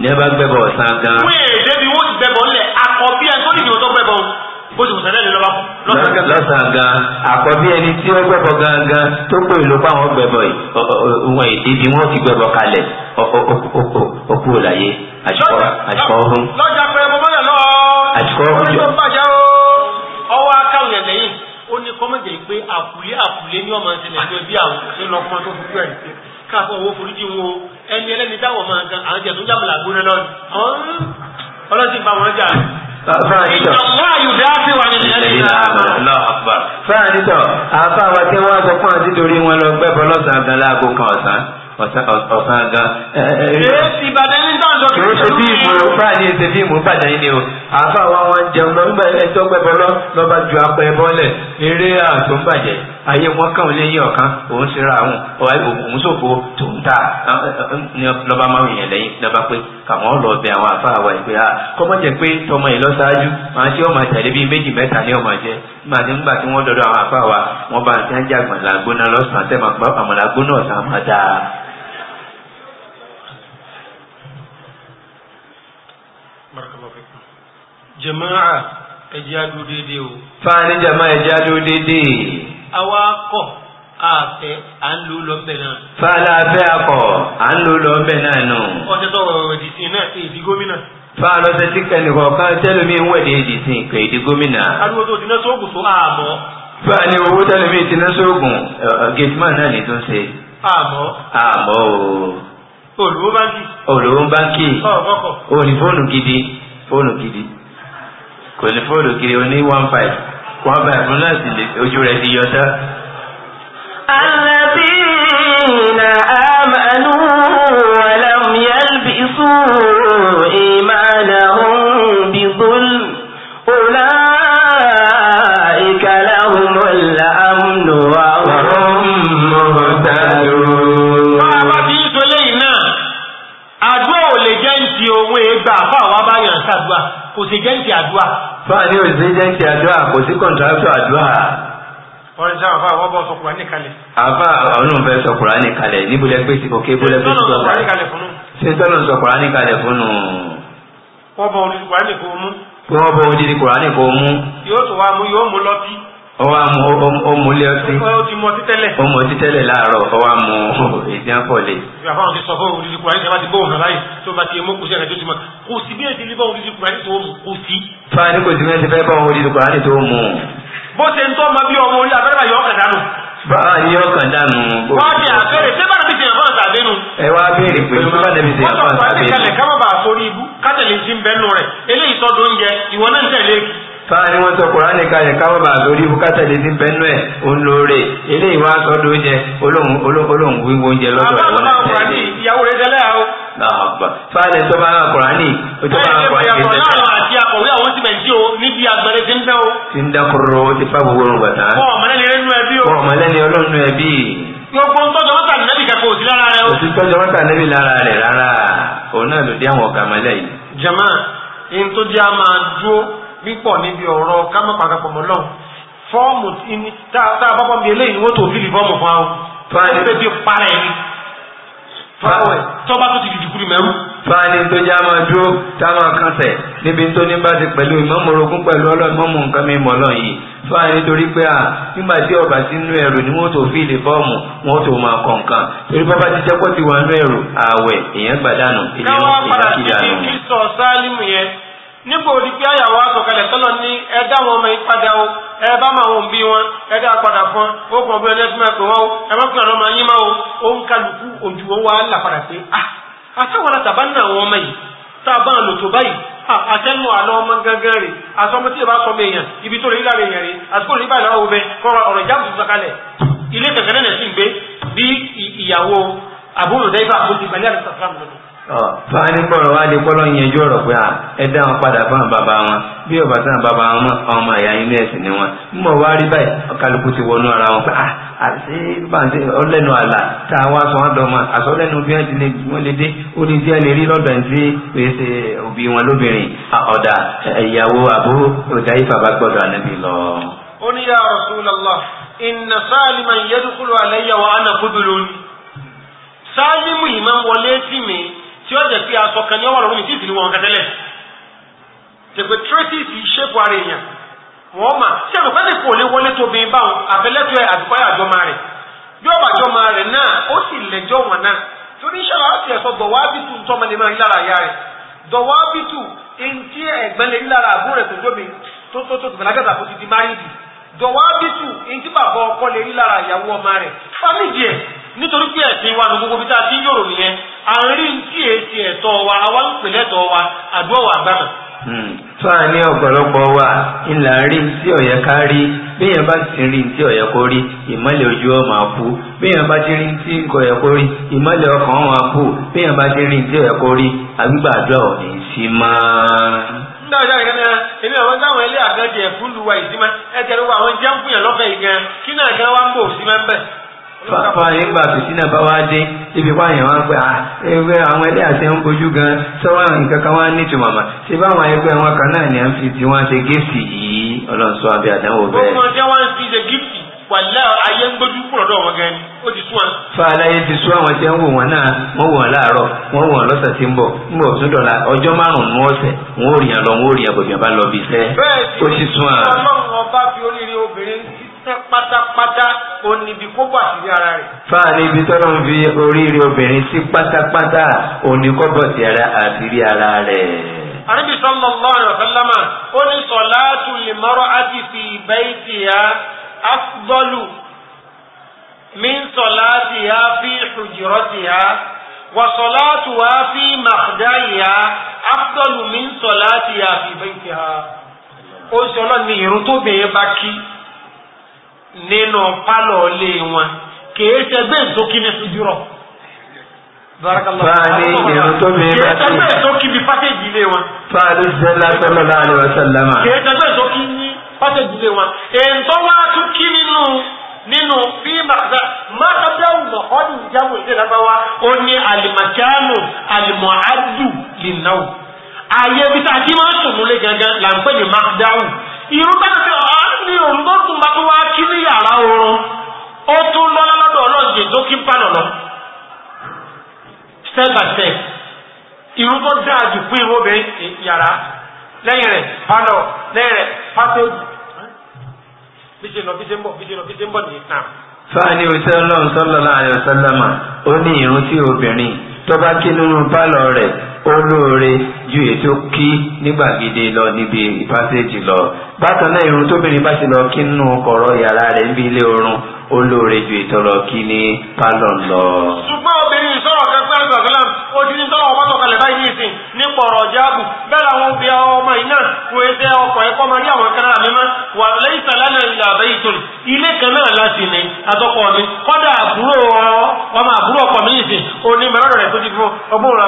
ní ẹ bá gbẹbọ sanga. wíì débi wọ́n ti gbẹbọ ńlẹ̀ àkọ́bí ẹ̀ tó ní ìdìbò tó gbẹbọ bó ti mùsàlẹ́ lè lọ́wọ́ lọ́sàn-án gan àkọ́bí ẹni tí ó gbẹ́bọ̀ gangan tó pè ló pa àwọn gbẹ́bọ̀ ìwọ̀n èdè bí wọ́n ti gbẹ́bọ̀ kalẹ̀ ọkú òláyé àṣìkò ọ̀hún. lọ́jà pé mo mọ́lẹ̀ lọ àṣìkò ọ̀hún jọ. ọwọ́ akáwọn ẹ̀ lẹ́yìn ó ní kọ́mọ̀jẹ̀ pé àkùlé àkùlé ní ọmọ ìṣẹ̀lẹ̀ ẹgbẹ́ bí àwọn ìlọ́kùnrin tó fi kú ẹ̀ káàkó fáànítọ̀ àfáàwà tí wọ́n sọ fún àti torí wọn lọ gbẹ́bọ̀ lọ́sàn-án gan láago kan ọ̀sán ọ̀sán gan. kìí ṣe fíìmù fáàní ṣe fíìmù bàjẹ́ yìí ni o àfáàwà wọn jẹun lọ nígbà ẹjọ́ gbẹ́bọ̀ lọ́ba ju apẹ̀ bọ́lẹ̀ eré àtúnbàjẹ́ ayé wọ́kàn ò léyìn ọ̀kan òun ti ra àwọn òun sòfò tòun ta lọ́ba máa ń yàn lẹ́yìn lọ́ba pé àwọn lọ bẹ àwọn àfa àwa ìpè ha kọ́mọ́ jẹ́ pé tọmọ yìí lọ́sáájú máa ṣe ọmọ tẹ̀lé bíi méjì mẹ́ta ní ọmọ jẹ́ nígbà tí nígbà tí wọ́n dọ̀dọ̀ àwọn àfa wa wọ́n bá ń tẹ́ ń jẹ́ àgbọ̀nlá gbóná lọ́sàn-án tẹ́ máa gbọ́ àmọ̀lá gbóná ọ̀sán máa dáa. jama'a ẹ̀jẹ̀ adó déédéé o. fáàní jama'a ẹ̀jẹ̀ adó déédéé àwa kọ̀ àfẹ́ à ń lò lọ ń bẹ̀ náà. fàlà fẹ́ akọ̀ à ń lò lọ ń bẹ̀ náà nù. ọjọ́ tó rọrọ̀ di sí náà èdè gómìnà. fàlọ́ ṣe tí kẹ́nìkan kan tẹ́lómi ń wẹ̀dẹ̀ èdè sí nǹkan èdè gómìnà. ariwo tó ti ná sóògùn tó àmọ́. fàlẹ́ owó tẹ́lómi ti ná sóògùn gẹ̀tìmọ̀ náà ní tó ń ṣe. àmọ́. àmọ́ o. olówó báńkì. olówó báńkì. ọ̀ọ́kọ̀. o ní fóònù gidi fóònù gidi kò ní fóònù gidi o one five wọ́n bá ẹ̀fún náà sì lè ojú rẹ̀ ti yọ tán. الذين آمنوا ولم يلبسوا kò sí jẹ́ǹtì àdúrà. báà ní òsì jẹ́ǹtì àdúrà kò sí kọ̀ǹtàkítọ̀ àdúrà. ọ̀rẹ́ sáà àfa àwọn bọ̀ sọ Kùránì kalẹ̀. àfa àwọn òun fẹ́ sọ Kùránì kalẹ̀ níbo lẹ pé sí òkè bólẹ pé sí Kùránì kalẹ̀ fún un. ṣé tọ́lọ̀ sọ Kùránì kalẹ̀ wọ́n bọ̀ orí Kùránì kò mú. wọ́n bọ̀ orí Kùránì kò mú. yóò tó wá mú yóò mú lọ́tí ọwọ́ amú ọmọlé ọtí ọmọ ọtí tẹ́lẹ̀ láàárọ̀ ọwọ́ amú èdè àpọ̀lẹ̀. ìgbàfọ́n ti sọ fún olùdíje kùránì tẹ́ bá ti bóun láyé tó bá ti mú kùsí ẹ̀ka tó ti mọ̀ kò sí bí èdè bá olùdíje kùránì tó mú kò sí. fani kò sí bí èdè bá olùdíje kùránì tó mú. bó ṣe ń tọ́ ọmọ bí ọmọ orí abẹ́rẹ́ bá yọ ọkàn dànù. báwa ni yọ ọkàn dànù. wọ́n ti àbẹ̀rẹ̀ ṣé bàtà ti ṣe ẹ̀fọ́n àtàbẹ́nu. ẹ wá béèrè pé ṣé bàtà ti ṣe ẹ̀fọ́n àtàbẹ́nu. wọ́n sọ fáà ni wọ́n sọ kùránì kalẹ̀ káwọn bá lórí bùkátà lè ti bẹ́nu ẹ̀ òun lóore eléyìí wá sọ́dọ̀ oúnjẹ olóhùn wíwo oúnjẹ lọ́dọ̀ ẹ̀ wọ́n tẹ̀lé. ìyàwó rẹ̀ tẹ́lẹ̀ o. fáàlì tó bá kùránì tó bá kùránì kì í tẹ̀lé. ọ̀nà àti akọ̀wé àwọn ti bẹ̀ sí o níbi àgbẹ̀rẹ̀ ti ń fẹ́ o. ti ń dákúrò ó ti fá gbogbo orun bàtà. ọmọlẹ́ni ọlọ́nu ẹbí gbogbo ntọ́jọ́ mọ́tà nẹ́bì kẹ́kọ̀ọ́ sí lára rẹ o. òsì tọ́jọ́ mọ́tà nẹ́bì lára rẹ̀ rárá òun náà ló dé àwọn ọ̀gá mọ́lẹ̀ yìí. jama ihun pípọ̀ níbi ọ̀rọ̀ kámọ́pàdàpọ̀ mọ́ náà fọ́ọ̀mù tá a bá eléyìí ni wọ́n tó fìlì fọ́ọ̀mù fún àwọn fúnra ẹni tó para ẹni fúnra tọ́ba tó ti dìdìkú mẹ́rú. fúnra tó jẹ́ àmọ́ dúró táwọn akánṣẹ́ níbi tó ní bá ti pẹ̀lú ìmọ̀mọ̀rogún pẹ̀lú ọlọ́mọ̀mù nǹkan mi mọ̀ lọ yìí fúnra torí pé à nígbà tí ọba ti nú ẹrù ni wọ́n tó fìlì fọ́ọ̀mù wọ́n tó máa kọ̀ nǹkan torí bọ́ba ti jẹ́ ti wà nú ẹrù ààwẹ̀ èèyàn gbàdánù èèyàn ìdákìdánù nígbò òdì pé àyàwó àtọ̀kalẹ̀ sọ́lọ ní ẹ̀dá wọn ọmọ ìpadà o ẹ̀bá máa wọn bí wọn ẹ̀dá padà fún okùn ọ̀bí ọdún ẹ̀fún ẹ̀pẹ̀ wọn o ẹ̀mọ́ pé ọ̀nà máa yín máa o ó ń kálukú ojú wọn wá là padà pé à ah, àtàwọn àtàbá ń nà wọn ọmọ yìí tá a bá ń lò tó báyìí àtẹnu àlọ́ ọmọ gángan rè àtọmọ tí ìbá sọ mi èèyàn ibi tó lè rí èèyàn rè àtúkò lè báyìí láwọn obẹ kọ ọ̀rọ̀ ìjà tuntun kalẹ̀ ilé kẹ̀kẹ́ náà sì gbé bí ìyàwó àbúrò dẹ́gbà àbójú ìgbàlẹ́ àti sàfàmù lọ́nà fani bọ̀rọ̀ wá di kọ́lọ́ yẹnjú ọ̀rọ̀ pé ẹ dá wọn padà fáwọn bàbá wọn bí ọba sáwọn bàbá wọn mọ àwọn ọmọ ẹ̀yà inú ẹ̀sìn ni wọn ń bọ̀ wá rí báyìí ọkàlùkù ti wọnú ara wọn pé àti bàǹtẹ̀ ọlẹ́nu àlà tá a wá sọ wọn dọ̀mọ àsọlẹ́nu bí wọ́n ti lè wọ́n lè dé ó lè jẹ́ lè rí lọ́dọ̀ sí pèsè òbí wọn lóbìnrin ọ̀dà ìyàwó àbúrò ọ̀dà ìfàbà gbọ́dọ̀ ànábì lọ. ó ní ya Rasulullah inna saliman tí ó jẹ́ pé aṣọ kan ní ọwọ́ lọ́rùn mi tí ìsìn wọn kẹtẹ́lẹ̀ tẹ̀pẹ̀ traces ṣépù ara èèyàn wọ́n mà tí ẹ̀rọ pẹ́ẹ́lì kò lè wọlé tó bí báwọn àfẹlẹ́tọ̀ ẹ̀ àdúgbò àjọmọ́ rẹ̀ bí ọba àjọmọ́ rẹ̀ náà ó sì lẹ́jọ́ wọn náà torí ìṣẹ́ra ó sì ẹ̀sọ́ dọ̀wábìtù ń tọ́mọ lè máa rí lára àyà rẹ̀ dọ̀wábìtù ntí ẹ̀gbẹ́n lè rí lára àbúrò rẹ̀ tó tóbi tó tó tó tìbẹ̀lágàtà kó ti di máríìdì dọ̀wábìtù ntí bàbá ọkọ lè rí lára ọmọ rẹ̀ fámìlì nítorí pé ẹ̀sìn wa ní gbogbo bí tá a ti ń yòrò nìyẹn àárín tí èsì ẹ̀tọ́ wa àwa ń pèlẹ́ tọ́ wa àdúrà wà gbàmà. fáà ní ọ̀pọ̀lọpọ̀ wa ńlá rí tí ọ̀yẹ́ ká rí bíyẹn bá ti rí tí ọ̀yẹ́ kó rí ìmọ́lẹ̀ ojú ọmọ àpò bíyẹn bá ti rí tí nǹkan ọ̀yẹ́ kó rí ìmọ́lẹ̀ ọkàn ọmọ àpò bíyẹn bá ti rí tí ọ̀yẹ́ kó rí àgbàdo ọ̀nì sí fàfà ìgbà fìtínà bá wá dé ibi wá yàn wọ́n pé ẹgbẹ́ àwọn ẹlẹ́ àti gan sọ́wọ́ nǹkan kan wá ní tìmọ̀mà wọn kan náà à ń fi ṣe gífì yìí sọ àdánwò bẹ́ẹ̀. ọmọ ọjọ́ ṣe gífì wàlẹ́ ayé ń gbójú lọ́dọ̀ wọn ó ti sú wọn. fàlàyé ti sú àwọn tí ń wò wọn náà wọ́n wò wọn láàárọ̀ wọ́n wò wọn lọ́sẹ̀ tí ń bọ̀ ń bọ̀ tún dọ̀la ọjọ́ márùn-ún wọn ò rìyàn wọn ò iṣẹ́ pátápátá ó níbi kókó àṣírí ara rẹ̀. fáàní ibi tọ́lọ́ ń fi oríire obìnrin sí pátápátá òní kọ́bọ̀ sí ara àṣírí ara rẹ̀. àníbi sallallahu alaihi wasallam ó ní salatu limra'ati fi baytiha afdalu min salatiha fi hujratiha wa salatuha fi makhda'iha afdalu min salatiha fi baytiha. ó sọ lọ́nà ìrún tóbi yẹn bá kí nínú pálọ̀ ilé wọn kìí ṣẹgbẹ́ ìdókí ní sojúrọ̀ fáàní ìrùn tó mi bá ti kìí ṣẹgbẹ́ ìdókí bí pátẹ́jì ilé wọn fáàní ìṣẹ́lá sọ́lọ́lá àlèwà sàlámà kìí ṣẹgbẹ́ ìdókí ní pátẹ́jì ilé wọn èyí tó wá tún kí nínú nínú bí màkàtà mákàtàwù mọ̀kọ́dù ìjáwó ìdí lábáwá ó ní àlìmàkánù àlìmọ̀ádù lìnàwù àyè bí tá a ti máa ń sùn múlé irú bẹ́ẹ̀ fi ọ̀rá ní òun tó tún bá tó wá kí ní yàrá oorun ó tún lọ́lá lọ́dọ̀ ọlọ́ọ̀jẹ̀ tó kí pàdọ̀ lọ step by step irú tó dáa jù fún irú obìnrin yàrá lẹ́yìn rẹ̀ pàdọ̀ lẹ́yìn rẹ̀ pàtẹ́jì bí ṣe lọ bí ṣe ń bọ̀ bí ṣe lọ bí ṣe ń bọ̀ nìyí náà. fáàní òṣèlú sallallahu alaihi wasallam ó ní irun tí obìnrin tó bá kí nínú pálọ̀ rẹ̀ ó ju ètò kí nígbàgede lọ níbi ìpàṣẹjì lọ bákan náà irun tóbìnrin bá ṣe lọ kí nínú kọ̀rọ̀ yàrá rẹ̀ ń ilé oorun ó lóore ju ìtọ́lọ kí ní pálọ̀ lọ. ṣùgbọ́n obìnrin ìṣòro kẹgbẹ́ àgbàgbọ́lá ó ní tọ́wọ́ bá sọ̀kalẹ̀ báyìí jáàbù bẹ́ẹ̀ làwọn ọmọ yìí náà ẹsẹ̀ ọkọ̀ ẹ̀kọ́ máa àwọn wà lẹ́yìn ilẹ̀ àbẹ́ ìtòn ilé kan náà láti ní àtọkọ mi kọ́dà àbúrò ọmọ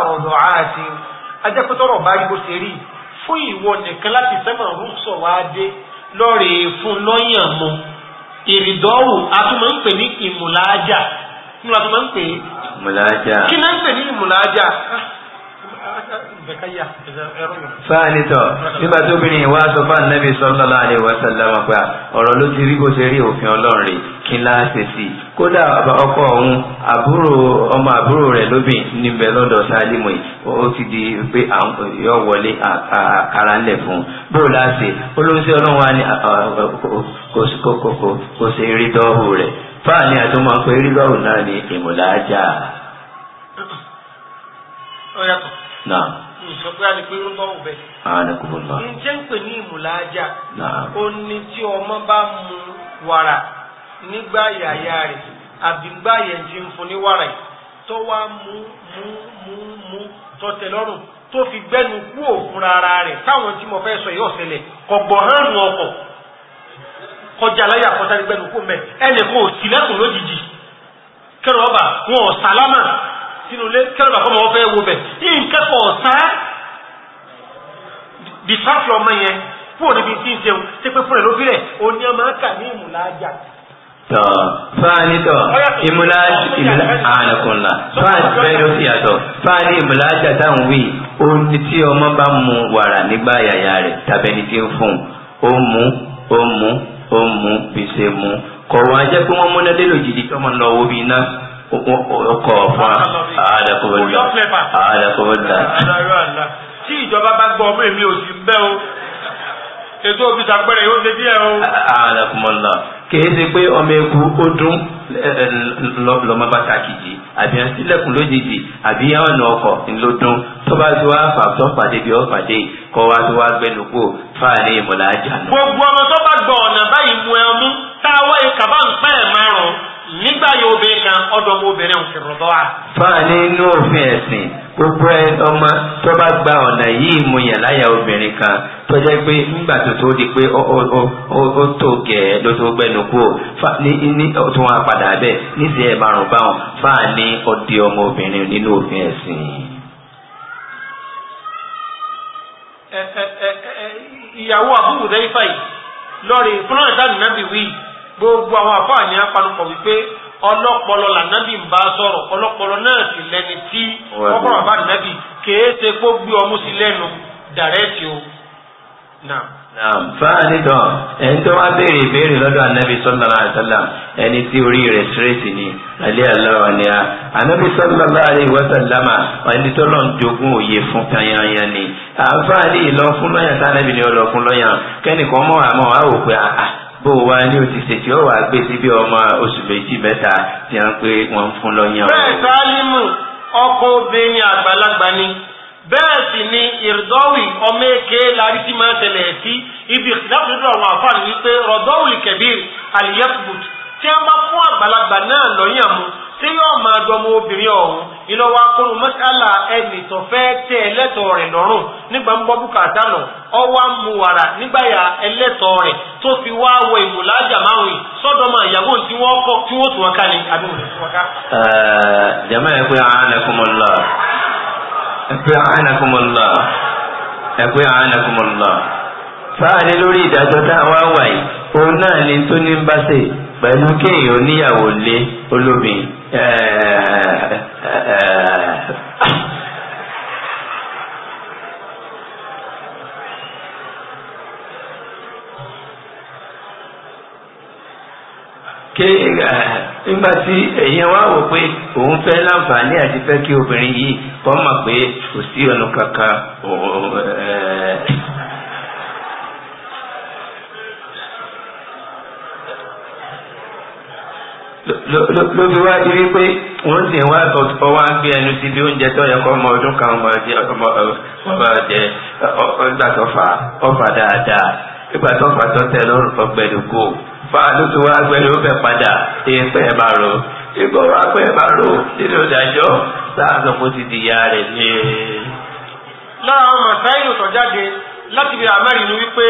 àbúrò ajẹ́pẹ́tọ́rọ̀ bá rí bó ṣe rí fún ìwọ nìkan láti fẹ́mọ̀ rúkṣọ̀ wá dé lọ́rẹ̀ fún lọ́yàn mu ìrìdọ́wù atúmọ̀ ń pè ní ìmùlájà é. ìmùlájà kí ń pè ní ìmùlájà fáàlì tọ̀ nígbà tó bìnrin wá sọ fáà nẹ́bí sallallahu alaihi wasallam pé ọ̀rọ̀ ló ti rí bó ṣe rí òfin ọlọ́run kí sí kódà ọkọ òun ọmọ àbúrò rẹ̀ sálímù ó ti di pé yọ wọlé àkàrà ńlẹ̀ fún bó láṣẹ olóńsẹ́ wa ni kò ṣe rí dọ́ọ̀hù rẹ̀ fáà àtúmọ̀ pé rí náà náà nǹkan pé a lè pé ń bọ̀ ọ̀bẹ. anakunla. njẹ́ ń pè ní ìmùlájà. náà ọmọ bá mu wàrà nígbà yàyà rẹ̀ àbí yẹn ti ń fún ní yìí tó wá mú fi gbẹ́nu kú ara rẹ̀ táwọn tí mo fẹ́ sọ yìí ọ̀sẹ̀lẹ̀ kọ̀gbọ̀n ọkọ̀ kọjá láyé gbẹ́nu kú mẹ́ ẹnì sílẹ̀kùn lójijì kẹrọ ọba sínú ilé kẹ́rọ̀bà kọ́mọ ọ̀fẹ́ wo bẹ̀ yìí ń kẹ́kọ̀ọ́ ọ̀sán dìtráfì ọmọ yẹn fún òdìbí tí ń jẹun tí pé fún rẹ̀ ló bílẹ̀ ó ní ọmọ ákà ní ìmúlájà tọ fáàní tọ ìmúlá ànàkùnlá fáàní fẹ́ẹ́ ló sì yàtọ̀ fáàní ìmúlá àjàtàwọn wí oní tí ọmọ bá mu wàrà nígbà yàyà rẹ̀ tàbí ẹni tí ń fún un ó mú ó mú ó mú fi ṣe mú kọ̀wọ́n ajẹ́ pé wọ́n múná dé lòjijì tọ́mọ lọ wo bí iná ọkọ̀ fún àádàkọ̀bẹ̀dà àádàkọ̀bẹ̀dà. tí ìjọba bá gbọ́ ọmọ èmi ò sí bẹ́ẹ̀ o ètò òbí sàpẹrẹ yóò ṣe díẹ̀ o. àádàkọ̀bẹ̀dà kìí ṣe pé ọmọ eku ó dún lọmọ bàtà kìjì àbí sílẹ̀kùn lójijì àbí ọ̀nà ọkọ̀ ló dún tó bá ti wá fà tó pàdé bí ó pàdé kọ́ wa tó wá gbẹnu kó fáàlì ìmọ̀lá àjànú. gbogbo ọmọ tó bá gbọ́ ọ̀nà báyìí mu ẹ mú táwọn ìkàbá ń pẹ́ ẹ̀ márùn-ún nígbà yóò bẹ kan ọdọ mo bẹ̀rẹ̀ òfin rọdọ wa. fáàní inú òfin ẹ̀sìn gbogbo ẹ ọmọ tó bá gba ọ̀nà yìí mu yàn láyà obìnrin kan tó jẹ́ pé nígbà tó tó di pé ó tó gẹ̀ẹ́ ló tó gbẹnu kú ní tó wọn padà bẹ́ẹ̀ níṣẹ́ ẹ̀ márùn báwọn fáàní ọdẹ ọmọ obìnrin nínú òfin ẹ̀sìn. ìyàwó àbúrò rẹ̀ ifá yìí lọ́ọ̀rì fúnlọ́ọ̀rì sáà nínú àbí wíì gbogbo àwọn àfáàní apanupọ̀ wípé ọlọ́pọlọ lànàbì ń bá sọ̀rọ̀ ọlọ́pọlọ náà sì lẹni tí ọkọ̀ àbá nàbì kèé ṣe kó gbé ọmú sí lẹ́nu dàrẹ́tì o. fáàní dán ẹni tó wá béèrè ìbéèrè lọ́dọ̀ anabi sallallahu alaihi wasallam ẹni tí orí rẹ̀ sírètì ni alẹ́ aláwọ̀ ni a anabi sallallahu alaihi wasallam ẹni tó lọ́n jogún òye fún kanyanyan ni àǹfààní ìlọ fún lọ́yàn tánàbì ni ọlọ́ fún lọ́yàn kẹ́nìkan mọ́ àmọ́ àwòpẹ́ àà bó wa ní o ti ṣe tí ó wà gbé síbi ọmọ oṣù méjì mẹ́ta tí wọ́n pé wọ́n ń fún lọ́yàn. bẹ́ẹ̀ sálímù ọkọ obìnrin àgbàlagbà ni bẹ́ẹ̀ sì ni ìrọ̀dọ́wì ọmọ èké larí tí máa tẹ̀lé sí ibi ìdájọ́ àwọn àfààní wípé rọ̀dọ́wì kẹ̀bí àlìyẹ́kùbùtù tí a bá fún àgbàlagbà náà lọ́yàn mu tí yóò máa dọmọ obìnrin ọ̀hún ìlọ́wọ́ akọ́nu mọ́sálà ẹnì tó fẹ́ tẹ ẹlẹ́tọ̀ọ́ rẹ̀ lọ́rùn nígbà ń bọ́ bùkátà ọwọ́ mu wàrà nígbàyà ẹlẹ́tọ̀ọ́ rẹ̀ tó fi wá wọ ìmùlájà márùn-ún ìyàwó tí wọ́n kọ́ tí wọ́n tún wọn pẹ̀lú kéèyàn oníyàwó lé olóbìn ké nígbà tí èyí wá wò pé òun fẹ́ láǹfààní àti fẹ́ kí obìnrin yìí kọ́ mọ̀ pé kò sí ọ̀nà kankan ló fi wá di wípé wọn sì ń wá ọwọ́ ń ẹnu sí bí oúnjẹ tó yẹ kọ́ ọmọ ọdún kan ọmọ ọdún ọmọ ọmọ ọgbà tó fà ọfà dáadáa ìgbà tó fà tó tẹ lórúkọ ó padà máa ro di ìyá ní. lára àwọn jáde láti fi àmẹ́rin wípé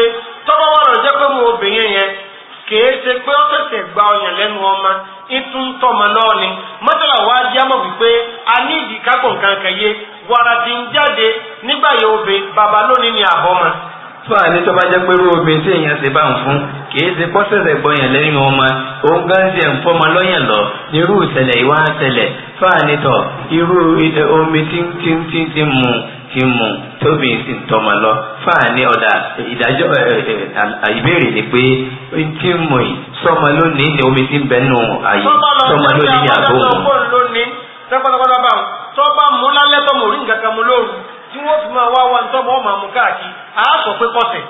tọ́gbọ́n wà lọ jẹ́ pé kèé ṣe pé ó tẹ̀sẹ̀ gba ọyàn lẹ́nu ọmọ ìtún ma náà ni mọtala wa jábọ̀ wípé a ní ìdí kápọ̀ nǹkan kan yé wàrà ti ń jáde nígbà yóò ni àbọ̀mọ. fún àní tó bá jẹ́ pé irú obìnrin tí èèyàn ṣe bá ń fún kèé ṣe pọ́ sẹ̀sẹ̀ gbọyàn lẹ́nu ọmọ òun gan ṣe ń fọmọ lọ́yàn lọ irú ìṣẹ̀lẹ̀ ìwà ń ṣẹlẹ̀ fún àní tọ̀ irú eh, omi tí ń mu tí mu tóbìn sì ń tọmọ lọ fáàní ọ̀dà ìdájọ́ ìbéèrè ni pé tí mu sọmọ lónìí ni omi ti ń bẹ nù àyè sọmọ lónìí ni àbò mu. tọ́pọ̀tọ́pọ́tọ́ wọn tọ́ mú lálẹ́ tọ́mọ orí nǹkan kan mú lóru tí wọ́n fi máa wá wa ń tọ́mọ ọmọ àmú káàkiri á sọ pé kọ́sẹ̀.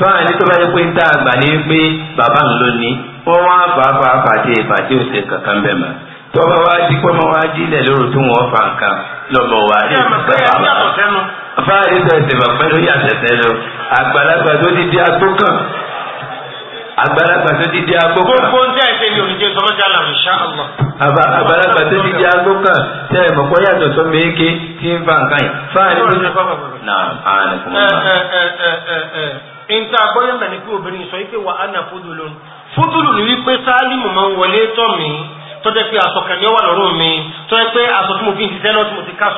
fáàní tó bá yẹ pé ń tá àgbà ní pé bàbá ń lónìí wọ́n wá fàáfàá fàtí ìfàtí òsè kankan bẹ́ẹ̀ mọ́ tọ́ba wá jí pé mo wá jí ilẹ̀ lóru tí wọ́n fa nǹkan lọ́mọ wa rí fáàrí tẹ̀sẹ̀ bàpẹ́ ló yàtẹ̀sẹ̀ lọ àgbàlagbà tó dídí agbó kan àgbàlagbà tó dídí agbó kan. gbogbo ń tẹ́ ẹ̀sẹ̀ ní oníjẹ́ sọmọ́jà làm insha Allah. àgbàlagbà tó dídí agbó kan tẹ́ ẹ̀ mọ̀kọ́ yàtọ̀ tó méje tí ń fa nǹkan yẹn fáàrí tó dídí. nta agbọ́yọ̀ mẹ́ni pé obìnrin sọ wípé wà á nà fúdùlù fúdùlù ni wípé sálímù máa ń wọlé tọ́ mi tó jẹ́ pé aṣọ kan ni ó wà lọ́rùn mi tó jẹ́ pé aṣọ tí fi ń ṣiṣẹ́ lọ́wọ́ mo ti ká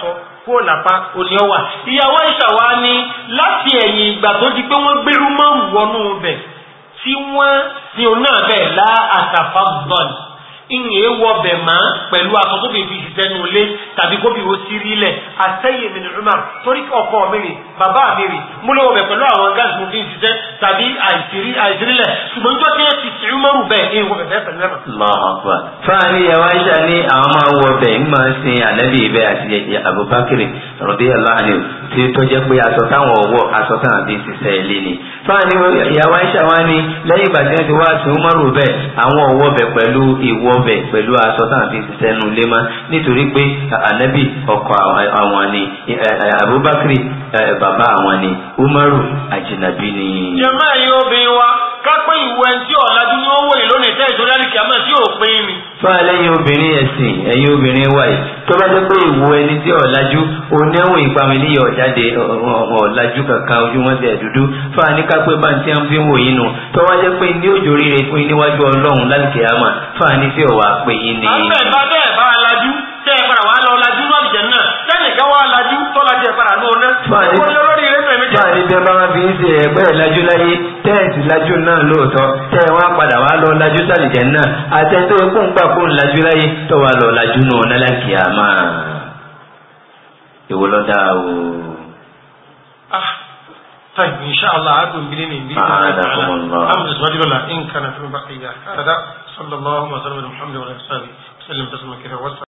kúrò lápá òní ó ìyàwó Àìṣà ni láti ẹ̀yìn ìgbà tó di pé wọ́n gbérú mọ́ wọnú bẹ̀ tí wọ́n ní òun náà bẹ̀ lá àtàfà ìyẹn wọ bẹ̀ mọ́ pẹ̀lú aṣọ tó bèbí jù tẹnu lé tàbí kó bìwò sí rí lẹ̀ àtẹ́yẹ mi nìyẹn máa torí ọkọ mi rè bàbá mi rè mú lọ́wọ́ bẹ̀ pẹ̀lú àwọn gáàsì mo fi ń ṣiṣẹ́ tàbí àìsírí àìsírí lẹ̀ ṣùgbọ́n níjọ́ tí yẹn ti sì ń mọ́rù bẹ́ẹ̀ èèwọ̀ bẹ̀ bẹ́ẹ̀ pẹ̀lú ẹ̀mà. fáàní ẹwà iṣẹ́ ní àwọn máa wọ bẹ̀ ń máa sin ànábì ibẹ̀ àti Abubakar rọ̀dí aláàánú tí tó jẹ́ ọbẹ̀ pẹ̀lú aṣọ táwọn fi ṣiṣẹ́ nu lé mọ́ nítorí pé ànábì ọkọ àwọn ni Abubakar bàbá àwọn ni Umaru àjìnàbí ni. jẹ́mọ́ ẹ̀yin obìnrin wa kápẹ́ ìwẹ̀ tí ọ̀làjú ni ó wòye lónìí tẹ́ ìtòrí àlìkàmọ́ tí ò pín in ni fáàlẹ́ ẹ̀yin obìnrin ẹ̀sìn ẹ̀yin obìnrin wa yìí tó bá jẹ́ pé ìwo ẹni tí ọ̀làjú oníwọ̀n ìpamẹ́ níyà ọ̀jáde ọ̀làjú kankan ojú wọn tẹ̀ dúdú fáàní kápẹ́ bá ń tí wọ́n fi ń wò yín nu tó wá jẹ́ pé ní òjò rírẹ ò wá pé yín ni. àbẹ̀ bá bẹ́ẹ̀ bá a lajú tẹ́ ẹ padà wà á lọ lajú náà jẹ̀ náà tẹ́lẹ̀ ká wà á lajú tó lajú ẹ padà lọ náà. báyìí bẹ́ẹ̀ bá wọn fi ń ṣe ẹgbẹ́ ìlajú láyé tẹ́ẹ̀sì lajú náà lóòótọ́ tẹ́ ẹ wá padà wá lọ lajú sàlìjẹ́ náà àtẹ̀tọ́ epo ń gbà kó ń lajú láyé tó wà lọ lajú náà náà lákìá máa. ìwọ lọ́dà o. طيب إن شاء الله عاد بلين بإذن الله تعالى أمر إن كان في بقية هذا صلى الله وسلم على محمد وعلى آله وسلم تسلم كثيرا